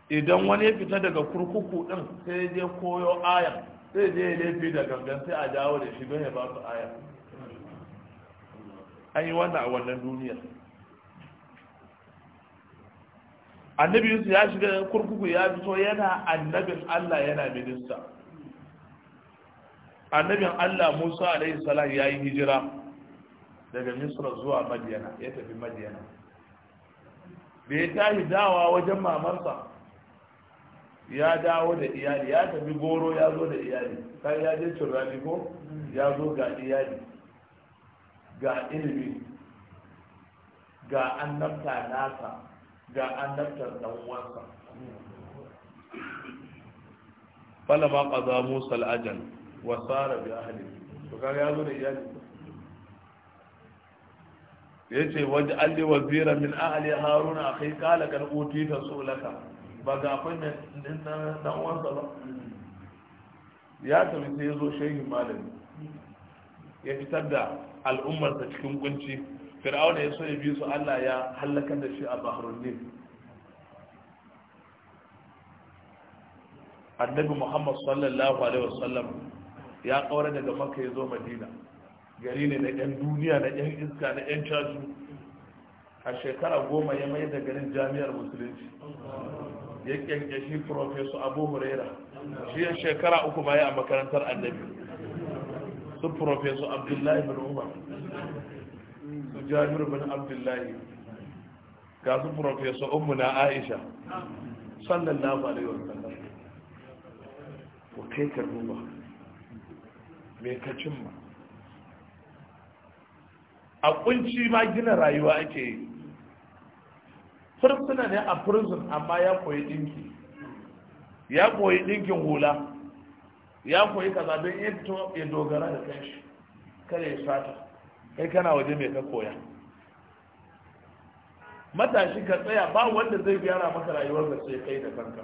idan wani ya fita daga kurkuku din sai je koyo aya sai je laifi da gangan sai a dawo da shi don ya ba su aya an yi wannan a wannan duniyar annabi yusuf ya shiga kurkuku ya fito yana annabin allah yana minista annabin allah musa alaihi salam ya yi hijira daga misra zuwa madiyana ya tafi madiyana da ya tashi dawa wajen mamarsa ya dawo da iyali ya tafi goro ya zo da iyali kai ya je turami ko ya zo ga iyali ga ilimi ga annabta nasa ga annabtar ɗan'uwansa ma ƙaza musa al'ajal wa tsara bi ahli to kaga ya zo da iyali ya ce wajen alli wazira min ahli haruna a kai kala kan utita su laka ba ga appointment din dan uwansa ba ya tafi sai ya zo shehin malami ya fitar da al'ummarsa cikin kunci fir'auna ya so ya bi su allah ya halaka da shi a bahrun annabi muhammad sallallahu alaihi wasallam ya kaura daga makka ya zo madina gari ne na yan duniya na yan iska na yan casu a shekara goma ya mai da garin jami'ar musulunci ya kyankyashi Profesa abu huraira shi ya shekara uku baya a makarantar annabi su Profesa abdullahi bin umar su jami'ar bin abdullahi ga su professor Umu na aisha sallallahu alaihi wasallam ko kai ka duba me ka cimma a kunci ma gina rayuwa ake yi fursuna ne a prison amma ya koyi dinki ya koyi dinkin hula ya koyi kaza don ya dogara da kanshi kare ya sata kai kana waje mai ka koya matashi ka tsaya ba wanda zai gyara maka rayuwar da sai kai da kanka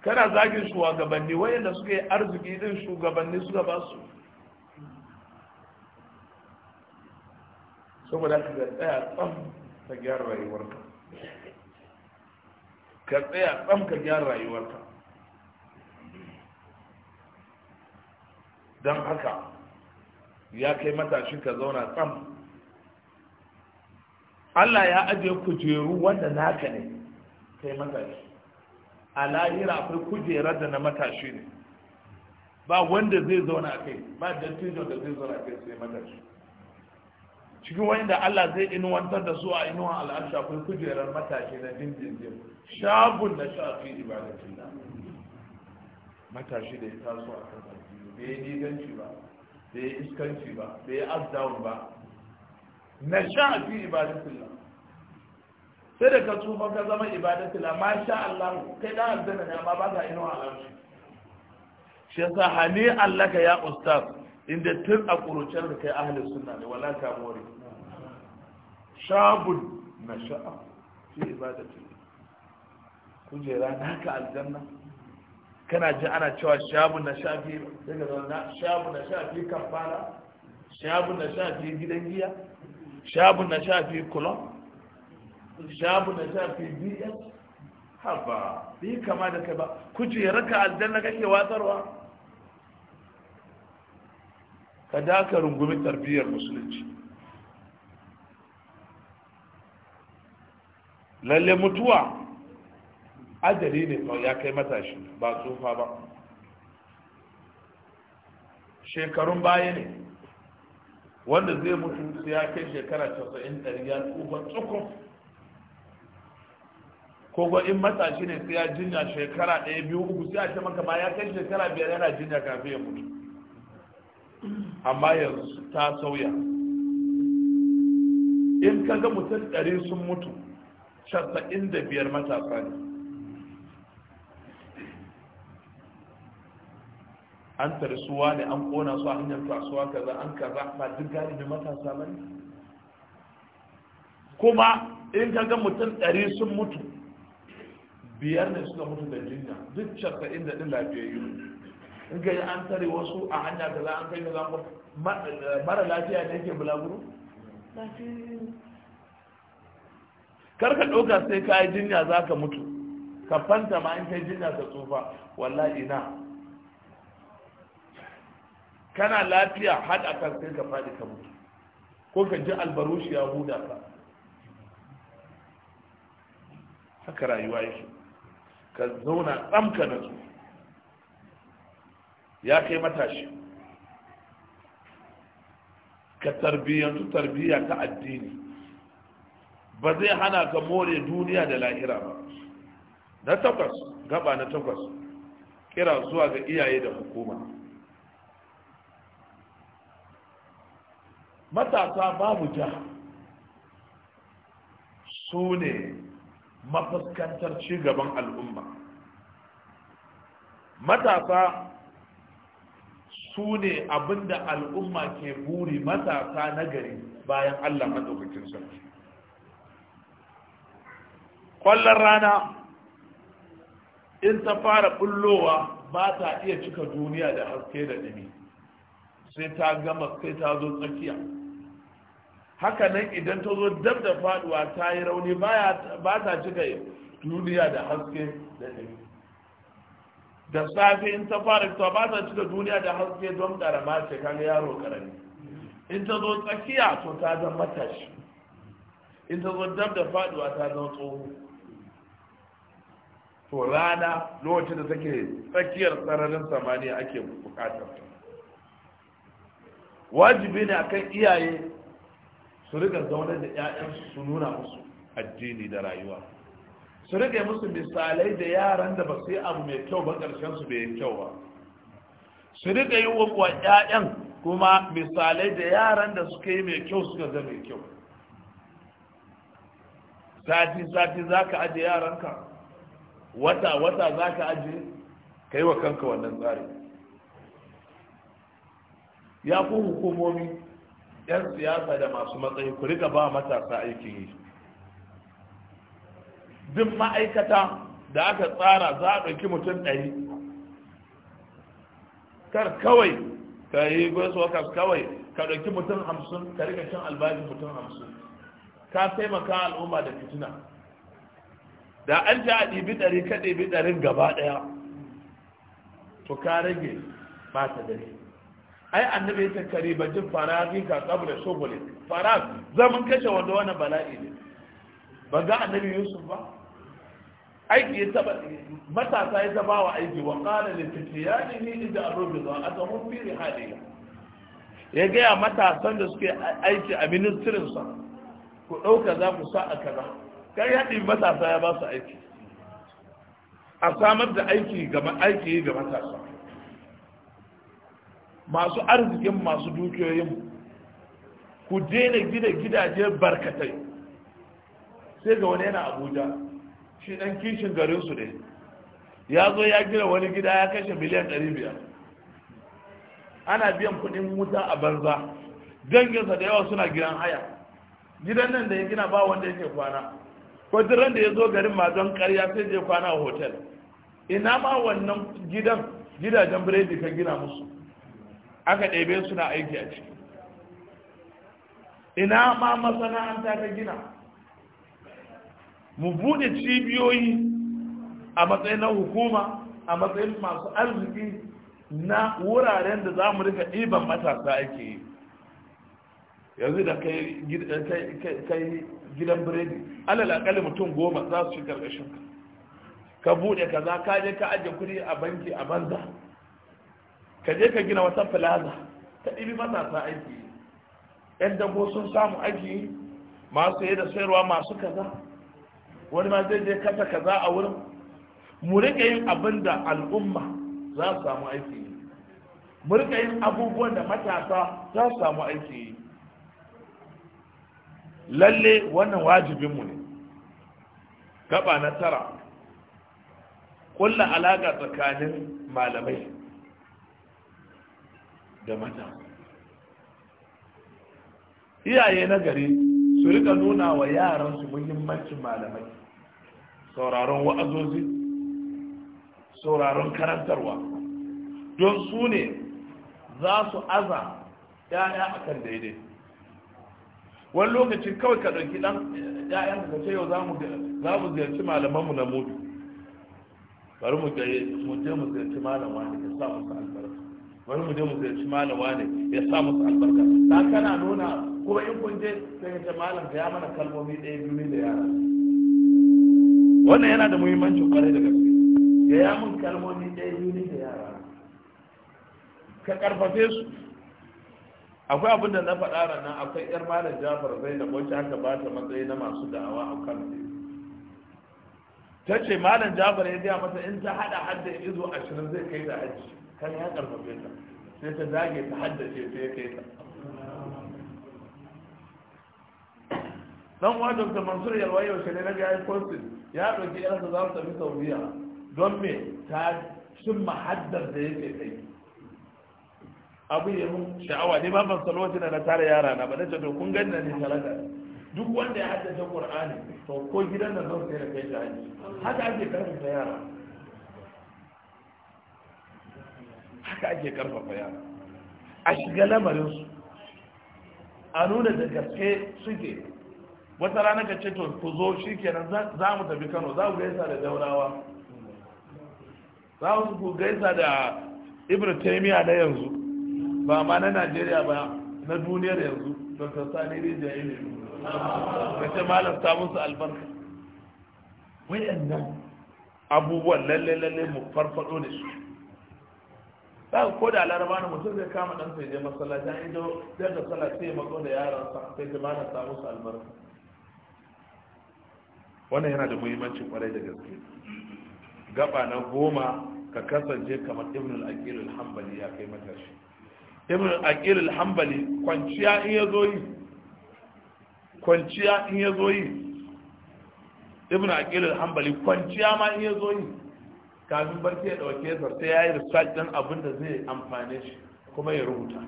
kana zagin shugabanni wayanda suka yi arziki din shugabanni suka ba su saboda ka tsaya tsam ka gyara rayuwarka ka tsaya tsam ka gyara rayuwarka don haka ya kai matashi ka zauna tsam Allah ya ajiye kujeru wanda naka ne kai matashi a lahira akwai kujerar da na matashi ne ba wanda zai zauna kai ba dattijon da zai zauna kai sai matashi cikin wani da Allah zai inuwantar da su a inuwan al'arsha akwai kujerar matashi na dindindin shagun da shafi ibadatin da matashi da ya taso a kan addini bai yi diganci ba bai yi iskanci ba bai yi azdown ba na shafi ibadatin da sai da ka tsufa ka zama ibadatin da ma sha Allah kai dan aljanna ne amma ba ka inuwan al'arsha shi yasa hani allaka ya ustaz inda tun a ƙuruciyar da kai ahalin suna ne wala ta mori shabun na sha'a fi ibadati kujera na ka aljanna kana ji ana cewa shabun na shafi daga zauna shabun na shafi kamfana shabun na shafi gidan giya shabun na shafi kulon shabun na shafi biyar haba bi kama da kai ba ka aljanna kake watsarwa ka daka rungumi tarbiyyar musulunci lalle mutuwa ajali ne ya kai matashi ba tsufa ba shekarun baya ne wanda zai mutu ya kai shekara 90 ɗari ya tsufa tsukun ko in matashi ne sai ya jinya shekara ɗaya biyu uku sai a ce maka ma ya kai shekara biyar yana jinya kafin ya mutu amma yanzu ta sauya in ka ga mutum ɗari sun mutu casa'in da biyar matasa ne an tarsuwa ne an kona su a hanyar kasuwa kaza an kaza ba duk galibi matasa ba ne kuma in ka ga mutum ɗari sun mutu biyar ne suka mutu da jinya duk casa'in da ɗin lafiyayyu in ga an tare wasu a hanya da za an kai da za mara lafiya ne yake bulaguro karka ɗauka sai ka yi jinya za ka mutu ka fanta ma in kai jinya ka tsufa wallahi ina kana lafiya haɗa kan sai ka faɗi ka mutu ko ka ji albarushi ya huda ka haka rayuwa yake ka zauna tsamka na su ya kai matashi ka tarbiyyantu tarbiyya ta addini ba zai hana ka more duniya da lahira ba na takwas gaba na takwas kira zuwa ga iyaye da hukuma matasa babu ja su ne mafuskantar cigaban al'umma matasa su ne abinda al'umma ke buri matasa na gari bayan Allah madaukakin sarki kwallon rana in ta fara bullowa ba ta iya cika duniya da haske da dumi sai ta gama sai ta zo tsakiya haka nan idan ta zo dab da faduwa ta yi rauni ba ta cika duniya da haske da dumi da safe in ta fara to ba ta cika duniya da haske don karama ce kan yaro karami in ta zo tsakiya to ta zama matashi in ta zo dab da faduwa ta zama tsoho to rana lokacin da take tsakiyar sararin samaniya ake bukatar wajibi ne a kan iyaye su riga zaune da 'ya'yansu su nuna musu addini da rayuwa su rage musu misalai da yaran da ba su yi abu mai kyau ba ƙarshen su bai kyau ba su rika yi wa ƴaƴan kuma misalai da yaran da suka yi mai kyau suka zama kyau sati sati za ka aje yaranka wata wata za ka aje ka yi wa kanka wannan tsari ya ku hukumomi 'yan siyasa da masu matsayi ku rika ba matasa aikin yi duk ma'aikata da aka tsara za a ɗauki mutum ɗari kar kawai ka yi gwasu wakas kawai ka ɗauki mutum hamsin ka rika cin albashin mutum hamsin ka taimaka al'umma da fitina da an ji a ɗibi ɗari ka ɗibi ɗarin gaba ɗaya to ka rage ba ta dare ai annabi ta kari ba jin faragi ka da shogole farag zaman kashe wanda wani bala'i ne ba ga annabi yusuf ba aiki ya taba matasa ya taba wa aiki wa ne ne fityani ni idza zuwa a atahum fi rihalihi ya gaya matasan da suke aiki a ministirin sa ku dauka za ku sa a kaza kai ya ɗin matasa ya ba su aiki a samar da aiki ga aiki ga matasa masu arzikin masu dukiyoyin ku daina gida gidaje barkatai sai ga wani yana abuja shi dan kishin garin su ne ya zo ya gina wani gida ya kashe miliyan biyar. ana biyan kuɗin wuta a banza danginsa da yawa suna gidan haya gidan nan da ya gina ba wanda yake kwana kwadiran da ya zo garin ma don karya sai je kwana a hotel ina ma wannan gidan gidajen biredi ka gina musu aka ɗebe suna aiki a ciki ina ma masana'anta ka gina mu bude cibiyoyi a matsayin na hukuma a matsayin masu arziki na wuraren da za mu rika ɗiban matasa ake yi yanzu da kai gidan biredi alal akali mutum goma za su shi ƙarƙashin. ka ka bude ka za ka je ka ajiye kuɗi a banki a banza ka je ka gina wata plaza ta ɗibi matasa ake yi. Ƴan dago sun samu aiki masu yi da sayarwa masu kaza wani ma zai je kasa kaza a wurin mu rika yin abin da al'umma za su samu aiki yi mu rika yin abubuwan da matasa za su samu aiki yi lalle wannan wajibinmu ne gaba na tara kulla alaƙa tsakanin malamai da mata iyaye na gari su rika nuna wa yaransu muhimmancin malamai sauraron wa'azozi sauraron karantarwa don su ne za su aza ya'ya a kan daidai wani lokacin kawai ka ɗauki ɗan ya'yan da ce yau za mu ziyarci malamanmu na mutu bari mu je mu ziyarci malam ne ya sa musu albarka bari mu je mu ziyarci malamwa ne ya sa musu albarka ta kana nuna kuma in kun je sai ya ce malam ka ya mana kalmomi ɗaya biyu da yara wannan yana da muhimmancin kwarai da gaske Ya ya mun kalmomi ɗaya biyu da yara ka karfafe su akwai abin da na faɗa ranar akwai yar malam jafar zai da wacce aka ba ta matsayi na masu da'awa a kano ta ce malam jafar ya gaya mata in ta haɗa hadda izo ashirin zai kai da hajji kan ya karfafe ta sai ta zage ta haddace sai ya kai ta dan uwa dr mansur yalwa yau shi ne na ga postin ya ɗauki yarsa za su tafi saudiya don me ta cin mahaddar da yake kai abu ya mun sha'awa ne ba ban salwati na tare yara na ba nace to kun ganna ne talaka duk wanda ya haddace qur'ani to ko gidan nan zai sai da kai jahili haka ake karfafa yara haka ake karfafa yara a shiga lamarin su a nuna da gaske suke wata rana ka ce to ku zo shi kenan za mu tafi kano za ku gaisa da Jaurawa. za ku gaisa da Ibrahim taimiya na yanzu ba ma na najeriya ba na duniyar yanzu dr sani rijiya ilimi ka ce malam ta musu albarka wayannan abubuwan lalle lalle mu farfado da su za ko da laraba na mutum zai kama ɗan sai je masallaci an yi da sallah sai ya matso da yaransa sai ta malam ta musu albarka wannan yana da muhimmanci kwarai da gaske gaba na goma ka kasance kamar ibn al-aqil al-hanbali ya kai matashi ibn al-aqil al-hanbali kwanciya in yazo yi kwanciya in yazo yi ibn al-aqil al-hanbali kwanciya ma in yazo yi kafin barci ya dauke sa sai yayi research din abin da zai amfane shi kuma ya rubuta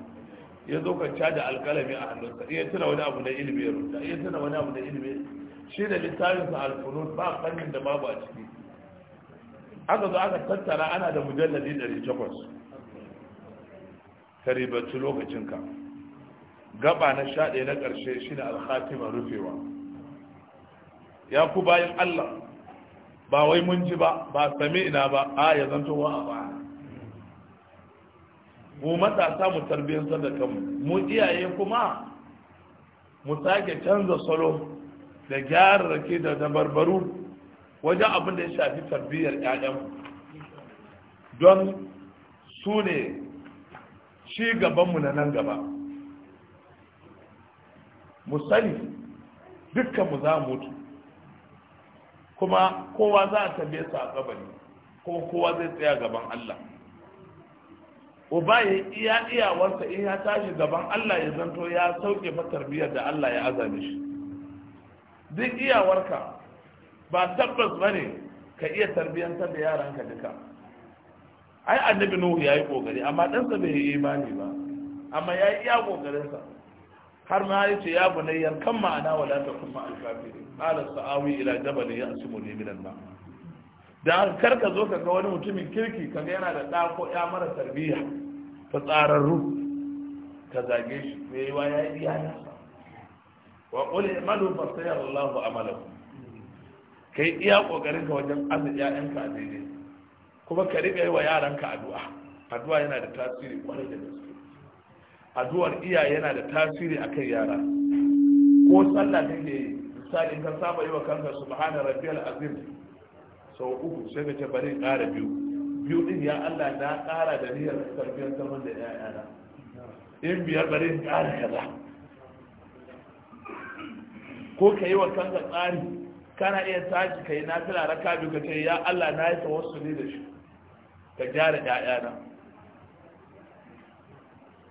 ya zo kwanciya da alkalami a hannunsa iya tana wani abu na ilimi ya rubuta iya tana wani abu na ilimi shi da littafinsa alfunun ba kanin da babu a ciki aka zo aka tattara ana da mujalladi 800 karibarci lokacinka gaba na sha na ƙarshe shi ne alhatima rufewa ya ku bayan allah ba wai mun ji ba ba sami ina ba a ya zanto wa a ba mu matasa mu tarbiyyantar da kanmu mu iyaye kuma mu sake canza salo da rake da dabarbaru wajen abin da ya shafi tarbiyyar 'ya'yan don su ne shi gabanmu na nan gaba mu sani dukkanmu za mutu kuma kowa za a tambaye su a gabani kuma kowa zai tsaya gaban Allah uba ya iya iyawarsa in ya tashi gaban Allah ya zanto ya sauke fa tarbiyyar da Allah ya azame shi duk iyawarka ba tabbas ba ne ka iya tarbiyyantar da yaranka duka ai annabi nuhu ya yi kokari amma ɗansa bai yi imani ba amma ya yi iya kokarinsa har ma ya ce ya bunayyar kan ma'ana wala ta kuma alkafiri ala sa'awi ila jabal ya'simuni min al-ma da kar ka zo ka ga wani mutumin kirki kaga yana da ɗa ko ya mara tarbiyya ta tsararru ka zage shi me yawa ya yi iyana wa qul i'malu fa sayara Allahu Ka kai iya ƙoƙarin ka wajen azumi ƴaƴanka a daidai kuma ka riƙa yi wa yaranka addu'a addu'a yana da tasiri kwarai da gaske addu'ar iyaye yana da tasiri a kan yara ko sallah take yi misali ka saba yi wa kanka subhana rabbiyal azim sau uku sai ka ce bari ƙara biyu biyu ɗin ya Allah na ƙara da niyyar karfiyar zaman da ƴaƴana in biyar bari in ƙara kaza ko ka yi wa kanka tsari kana iya tashi ka yi na fila raka biyu ka ce ya Allah na yi ne da shi ka gyara ƴaƴana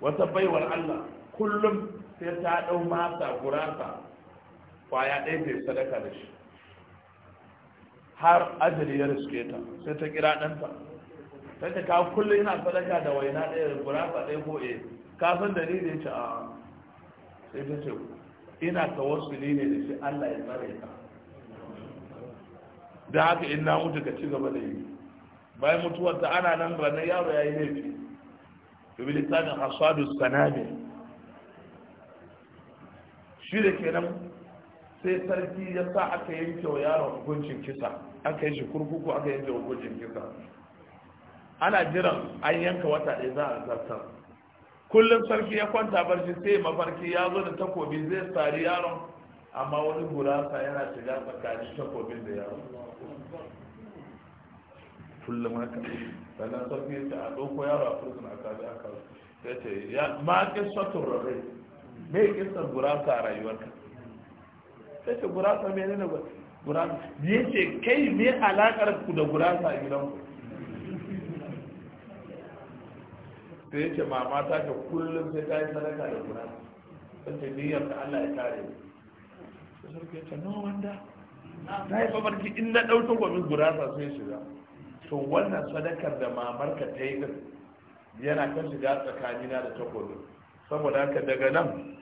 wata baiwar Allah kullum sai ta ɗau masa gurasa kwaya ɗaya ta sadaka da shi har ajali ya riske ta sai ta kira ɗanta ta ce kullum yana sadaka da waina ɗaya gurasa ɗaya ko e ka san dalilin ci a sai ta ce ina wasu ne da shi Allah ya tsare ka da haka in na mutu ka ci gaba da yi bayan mutuwar ta ana nan ranar yaro ya yi laifi domin littafin hasadu sanabi shi da kenan sai sarki ya sa aka yanke wa yaron hukuncin kisa aka yi shi kurkuku aka yanke hukuncin kisa ana jiran an yanka wata ɗaya za a zartar kullum sarki ya kwanta barci sai mafarki ya zo da takobi zai sari yaron amma wani gurasa yana shiga tsakanin takobin da yaron kullum haka sannan sarki ya ce a ɗauko yaro a prison a kaji a kawo ya ce ya ma kisa turare me kisa gurasa a rayuwarka ya ce gurasa me ne da gurasa ya ce kai me alakar ku da gurasa a gidanku sai yake mama ta ke kullum sai ta yi sadaka da kuna sun ta niyyar da Allah ya kare ta sarki ta nawa wanda ta yi mamarki in na ɗauta gwamin gurasa sai shiga to wannan sadakar da mamarka ta yi din yana kan shiga tsakanina da takobin saboda haka daga nan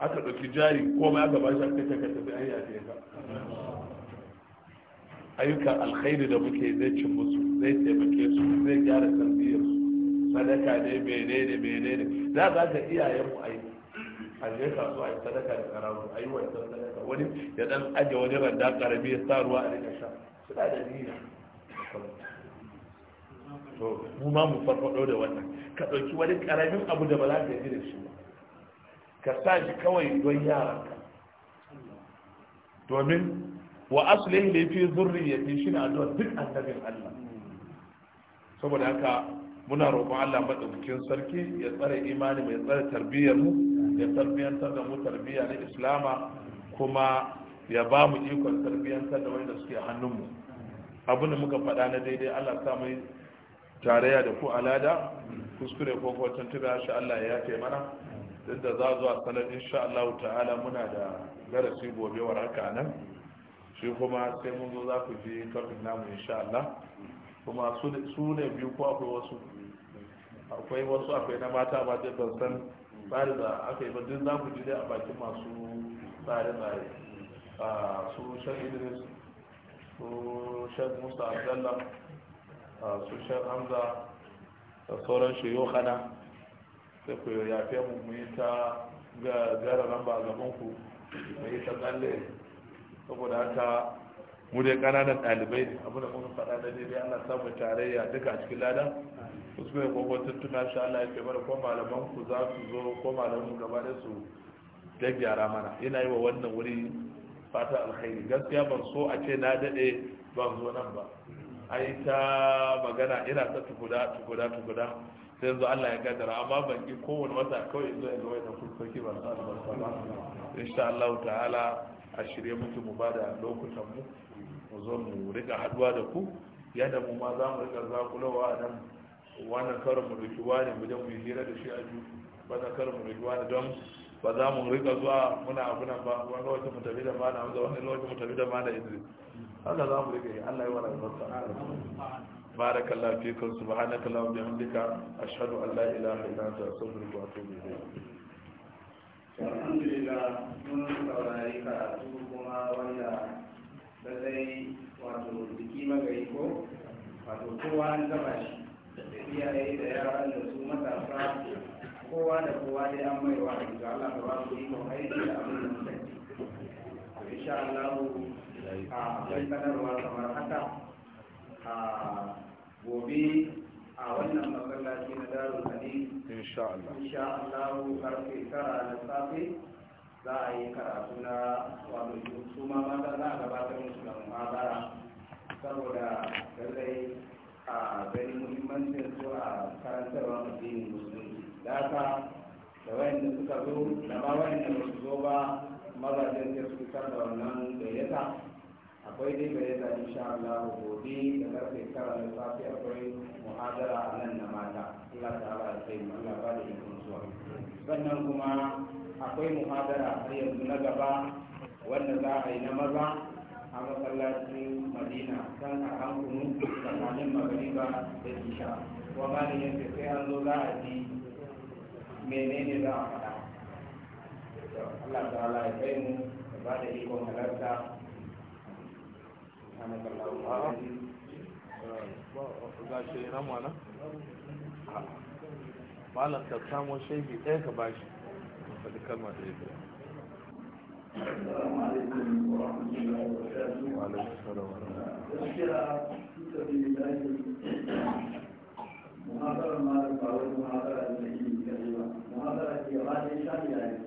aka ɗauki jari komai aka ba shi aka kai ka tafi ayi a ka ayyukan alkhairu da muke zai cin musu zai taimake su zai gyara tarbiyyar su sadaka ne ne mene da za ka iyayen mu aiki a je kasuwa a yi sadaka da karamu a yi wancan sadaka wani ya dan aje wani randa karami ya sa ruwa a rika sha suna da niyya to mu ma mu farfado da wannan ka ɗauki wani karamin abu da ba za ka yi da shi ba ka sa shi kawai don yaran ka. domin wa aslihi li fi fi shi na duk annabin Allah saboda haka muna roƙon Allah maɗaukakin sarki ya tsare imani mai tsare tarbiyyar mu ya tarbiyyantar da mu tarbiyya na islama kuma ya ba mu ikon tarbiyyantar da wanda suke hannunmu abin da muka faɗa na daidai Allah sa mai tarayya da ku alada kuskure ko kwatan tuntuba shi Allah ya yafe mana duk da za zuwa sanar insha Allah ta'ala muna da darasi gobe war a nan shi kuma sai mun zo za ku je kafin namu insha Allah kuma su ne biyu ko akwai wasu akwai wasu akwai na mata ba dai ban san tsari da aka yi ba duk za ku ji a bakin masu tsare a ah, su shan idris su shan musa a ah, su shan hamza da sauran shi yohana sai ku yafe mu mu yi ta gara nan ba a gaban ku mu yi ta tsalle saboda haka mu dai kananan ɗalibai ne abu da kuma faɗa da dai ana samun tarayya duka a cikin lada wasu ne ko tuntuna shi Allah ya ce mana ko malaman ku za su zo ko malaman gaba da su da gyara mana ina yi wa wannan wuri fata alkhairi gaskiya ban so a ce na daɗe ban zo nan ba ai ta magana ina ta tukuda tukuda tukuda sai yanzu Allah ya gadara amma ban ki kowane wata kawai zo in ga wannan kurkoki ban sa ba insha Allah ta'ala a shirye muku mu bada lokutan mu mu zo mu rika haduwa da ku yadda mu ma za mu rika zakulawa a nan wani karin mu rikki wani mu je mu yi hira da shi a ju wani karin mu rikki wani don ba za mu rika zuwa muna abuna ba wani lokacin mu tafi da mana hamza wani lokacin mu tafi da mana idris Allah za mu rika yi Allah ya wara zuwa بارك الله فيكم سبحانك اللهم وبحمدك أشهد أن لا إله إلا أنت أستغفرك وأتوب إليك الحمد لله من سورة كما ولا lallai wato jiki magari ko wato kowa an gaba shi da iyaye da yaran da su matasa kowa da kowa dai an mai wa ga Allah ba su ikon aiki da abin da suka to insha Allah a kai sanarwa kamar haka a gobe a wannan masallaci na darul hadith insha Allah insha Allah karfe 9 da safe za a yi karatu na wato su ma mata za a gabatar musu da muhabara saboda lallai a gani muhimmancin su a karantarwa addinin musulunci da haka da wayanda suka zo da ma wayanda ba su zo ba mazajen sai su fitar da wannan gayyata akwai dai gayyata insha Allah gobe da karfe tara na safe akwai muhadara a nan na mata Allah ta ala ya sai Allah ba da ikon zuwa sannan kuma akwai muhadara har yanzu na gaba wanda za a yi na maza a masallacin madina kan a hankunu tsakanin magariba da isha kuma malin yadda sai an zo za a ji menene za a fada Allah ta ta'ala ya kai mu da ba da ikon halarta ga shi na mana malam ka samo shaibi ɗaya ka bashi faɗi kalma da ya biya السلام عليكم ورحمة الله وبركاته وعليكم السلام ورحمة الله تشكرا في سبيل الله محاضرة مع القارون محاضرة المهيم كريمة محاضرة في غاية شاملة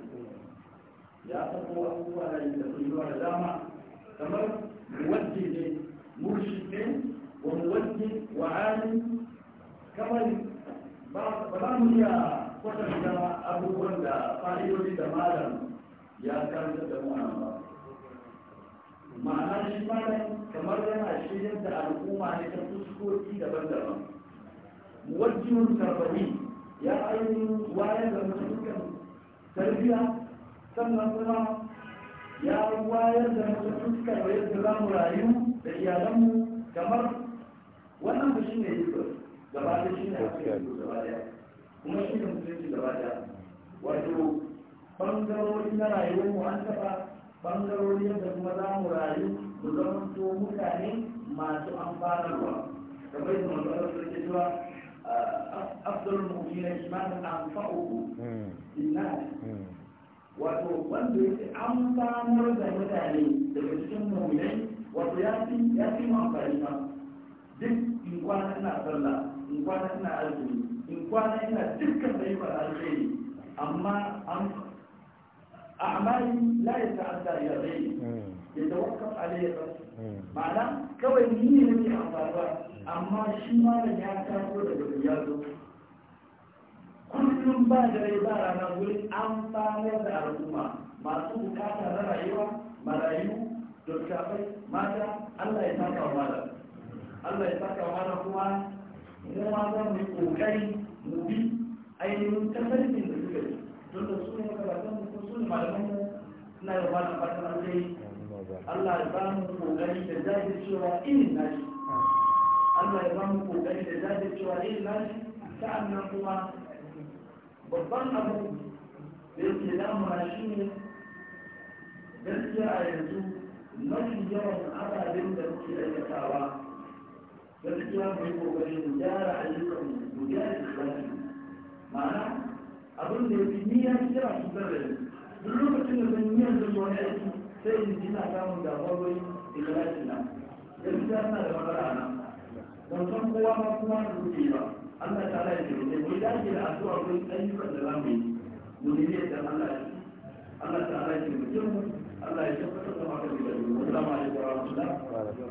ya sako abubuwa da yin tafiya da dama kamar muwaddi ne murshid ne wa muwaddi wa alim kamar ba mu iya kwatanta abubuwan da fa'idodi da malam ya karanta da mu ba ma'ana shi malam kamar yana shirin da al'umma ne ta fuskoki daban-daban muwajjihun tarbani ya ainihin wayar da mutukan tarbiyya sannan kuma ya wayar da mutukan yadda za mu rayu da iyalanmu kamar wannan ba shi ne yi gaba da shi ne a cikin gaba daya kuma shi ne musulunci gaba da wato bangarori na rayuwar mu an taɓa bangarori yadda kuma za mu rayu mu zama to mutane masu amfanarwa kamar yadda manzara su ke cewa afdalul mu'mina imanan anfa'uhu inna wato wanda yake amfanar da mutane daga cikin mu'minai wato ya fi ya fi mu amfani ma duk in kwana ina sallah in kwana ina azumi in kwana ina dukkan da yi ba alkhairi amma an amali la ya ta'adda ya zai hmm. ya tawakkaf alayhi hmm. kawai ni ne ne a faruwa amma shi ma da ya tafi da gudu ya kullum ba da rai ba rana wuri an fara da al'umma masu bukata na rayuwa marayu da shafai mata allah ya saka wa mara allah ya saka wa mara kuma mu ma za mu yi ƙoƙari mu bi ainihin tafarkin da suka yi don da su ne magabatan mu ko su ne malaman mu suna da wani na alheri Allah ya ba mu ƙoƙari da jajircewa irin shi Allah ya ba mu ƙoƙari da jajircewa irin nashi nan kuma babban abu da yake damuna shi ne gaskiya a yanzu mafi yawan ababen da muke aikatawa gaskiya mu yi kokari mu gyara ayyukan mu gyara ikhlasi ma'ana abin da yake ni ya kira su tare duk lokacin da zan yi yanzu wani aiki sai in ji na samun damuwar wani ikhlasi na gaskiya na da matsala na ban san kowa ma kuma da kuke ba Allah ta ala ya ce mu yi dace da addu'a ko ayyukan da za mu yi mu ne da Allah ya Allah ta ya ce mu Allah ya tabbatar da maka da mu assalamu alaikum wa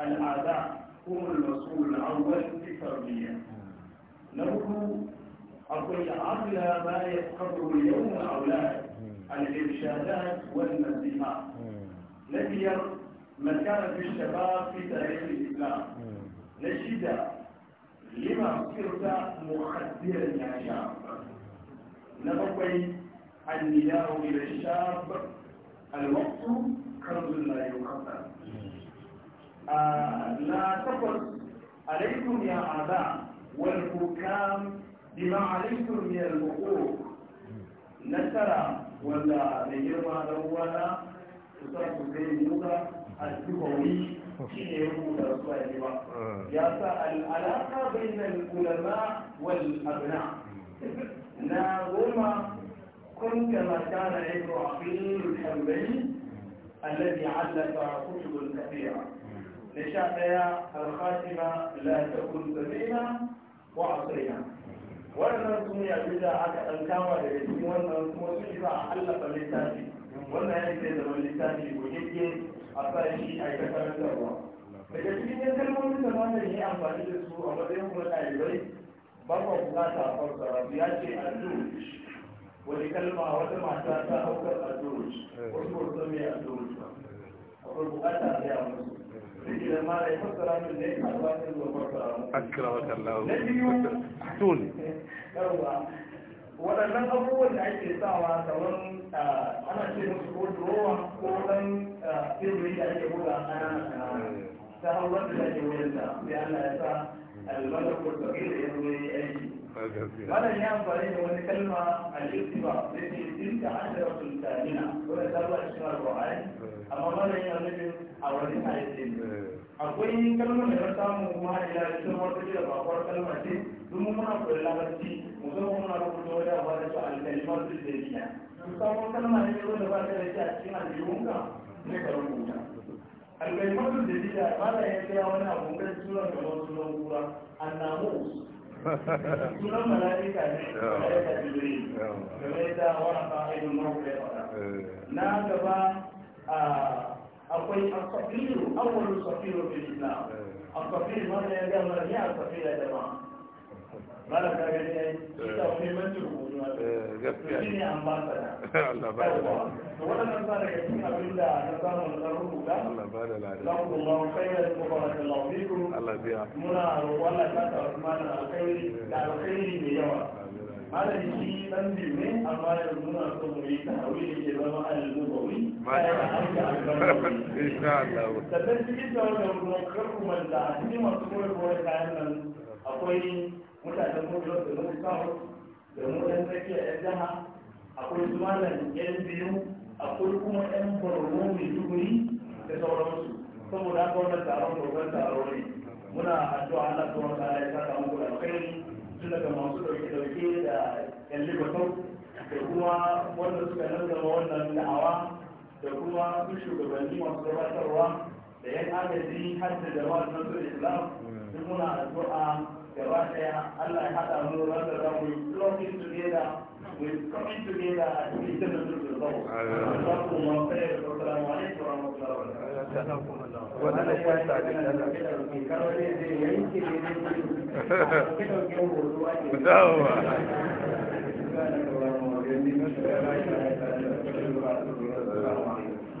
الآباء هم المسؤول الأول في التربية نقول أقول عقل ما يفقده اليوم الأولاد الإرشادات والنصيحات نبيا مكانة الشباب في تاريخ الإسلام نشد لما صرت مخدرا يا شاب نبقي النداء إلى الشاب الوقت كرم لا يقدر آه، لا تقل عليكم يا أعداء والحكام بما عليكم من الوقوف نسرى ولا نجرم دولا تصرف زين لغة الدهوي في يقول رسول الله آه. العلاقة بين العلماء والأبناء ناظم كن كما كان ابن عقيل الحنبلي الذي علق كتب كثيرة لشعبها الخاتمة لا تكون سليمة وعصرها wannan sun ya bi da aka ɗan kama da yake wannan kuma su shi za a allafa littafi wannan ya ke zama littafi gogegge a sa shi a yi karantarwa daga cikin yan kalmomin da ma yi amfani da su a matsayin kuma ɗalibai ba ma bukata a fassara su ya ce adduruj wani kalma wata mata ta haukar adduruj wasu ba su zama ya adduruj ba akwai bukata a gaya musu akramaka waɗannan abubuwan da ake sawa kamar ana ce musu ko drowa ko ɗan da ake buga ana ta hauwar da ake wurin da sai Allah ya sa ko da ya zo ya yi aiki. Wannan ya amfani da wani kalma a jirgi da ke ka hajjar sulta nina wani tarla shi na ruwa ai eh. amma wani yana nufin a wani haifin eh. akwai yin kalmar da ya samu kuma a ila rikin wata jira ba kuwar kalmar ce duk muna kula labarci musa muna rubuta wata ba da su alkalimar su da biya su samu kalmar da ya wani ba ta da shi a cikin aljihunka ne ka rubuta alkalimar su da biya ba da ya kira wani abu kan sura kamar sunan kura annamus sunan mala'ika ne mala'ika jibril game da wani fa'idun mawuƙa na gaba akwai asafiru awwalu safiru fil islam asafir wanda ya gama ne asafir da jama'a malam ka gani ai ita wani mancin rubutu na gaskiya shi ne ambasada Allah ba da to wannan sa daga cikin abin da na samu na rubuta Allah ba da lafiya lafu Allah khairan wa barakallahu fikum Allah biya muna roƙon Allah ta ta Usman alkhairi da alkhairi mai yawa malami shi dan biyu ne amma yanzu muna so mu yi tahawi da ke zama al-nubawi bayan an ga al-nubawi insha Allah sannan cikin tawagar ruwan karku manta a cikin masu koyarwa kayan nan akwai mutanen mutuwa da mutu kawo da mutan tsakiya ɗan jaha akwai zumanan yan biyu akwai kuma yan borno mai duguri da sauransu saboda haka wannan taron dogon taro ne muna addu'a Allah ta wata ya saka muku da alkhairi tun daga masu ɗauke-ɗauke da yan libatau da kuma wanda suka nazama wannan da'awa da kuma su shugabanni masu gabatarwa da yan agaji har da jama'a na islam duk muna addu'a gaba daya Allah ya haɗa mu wanda za mu yi blocking together we coming together a cikin da su da zau za ku ma sai da salamu alaikum wa rahmatullahi wa barakatuh wannan kwanta da Allah kawai zai yanke ne ne ki dauke hoto ake dawo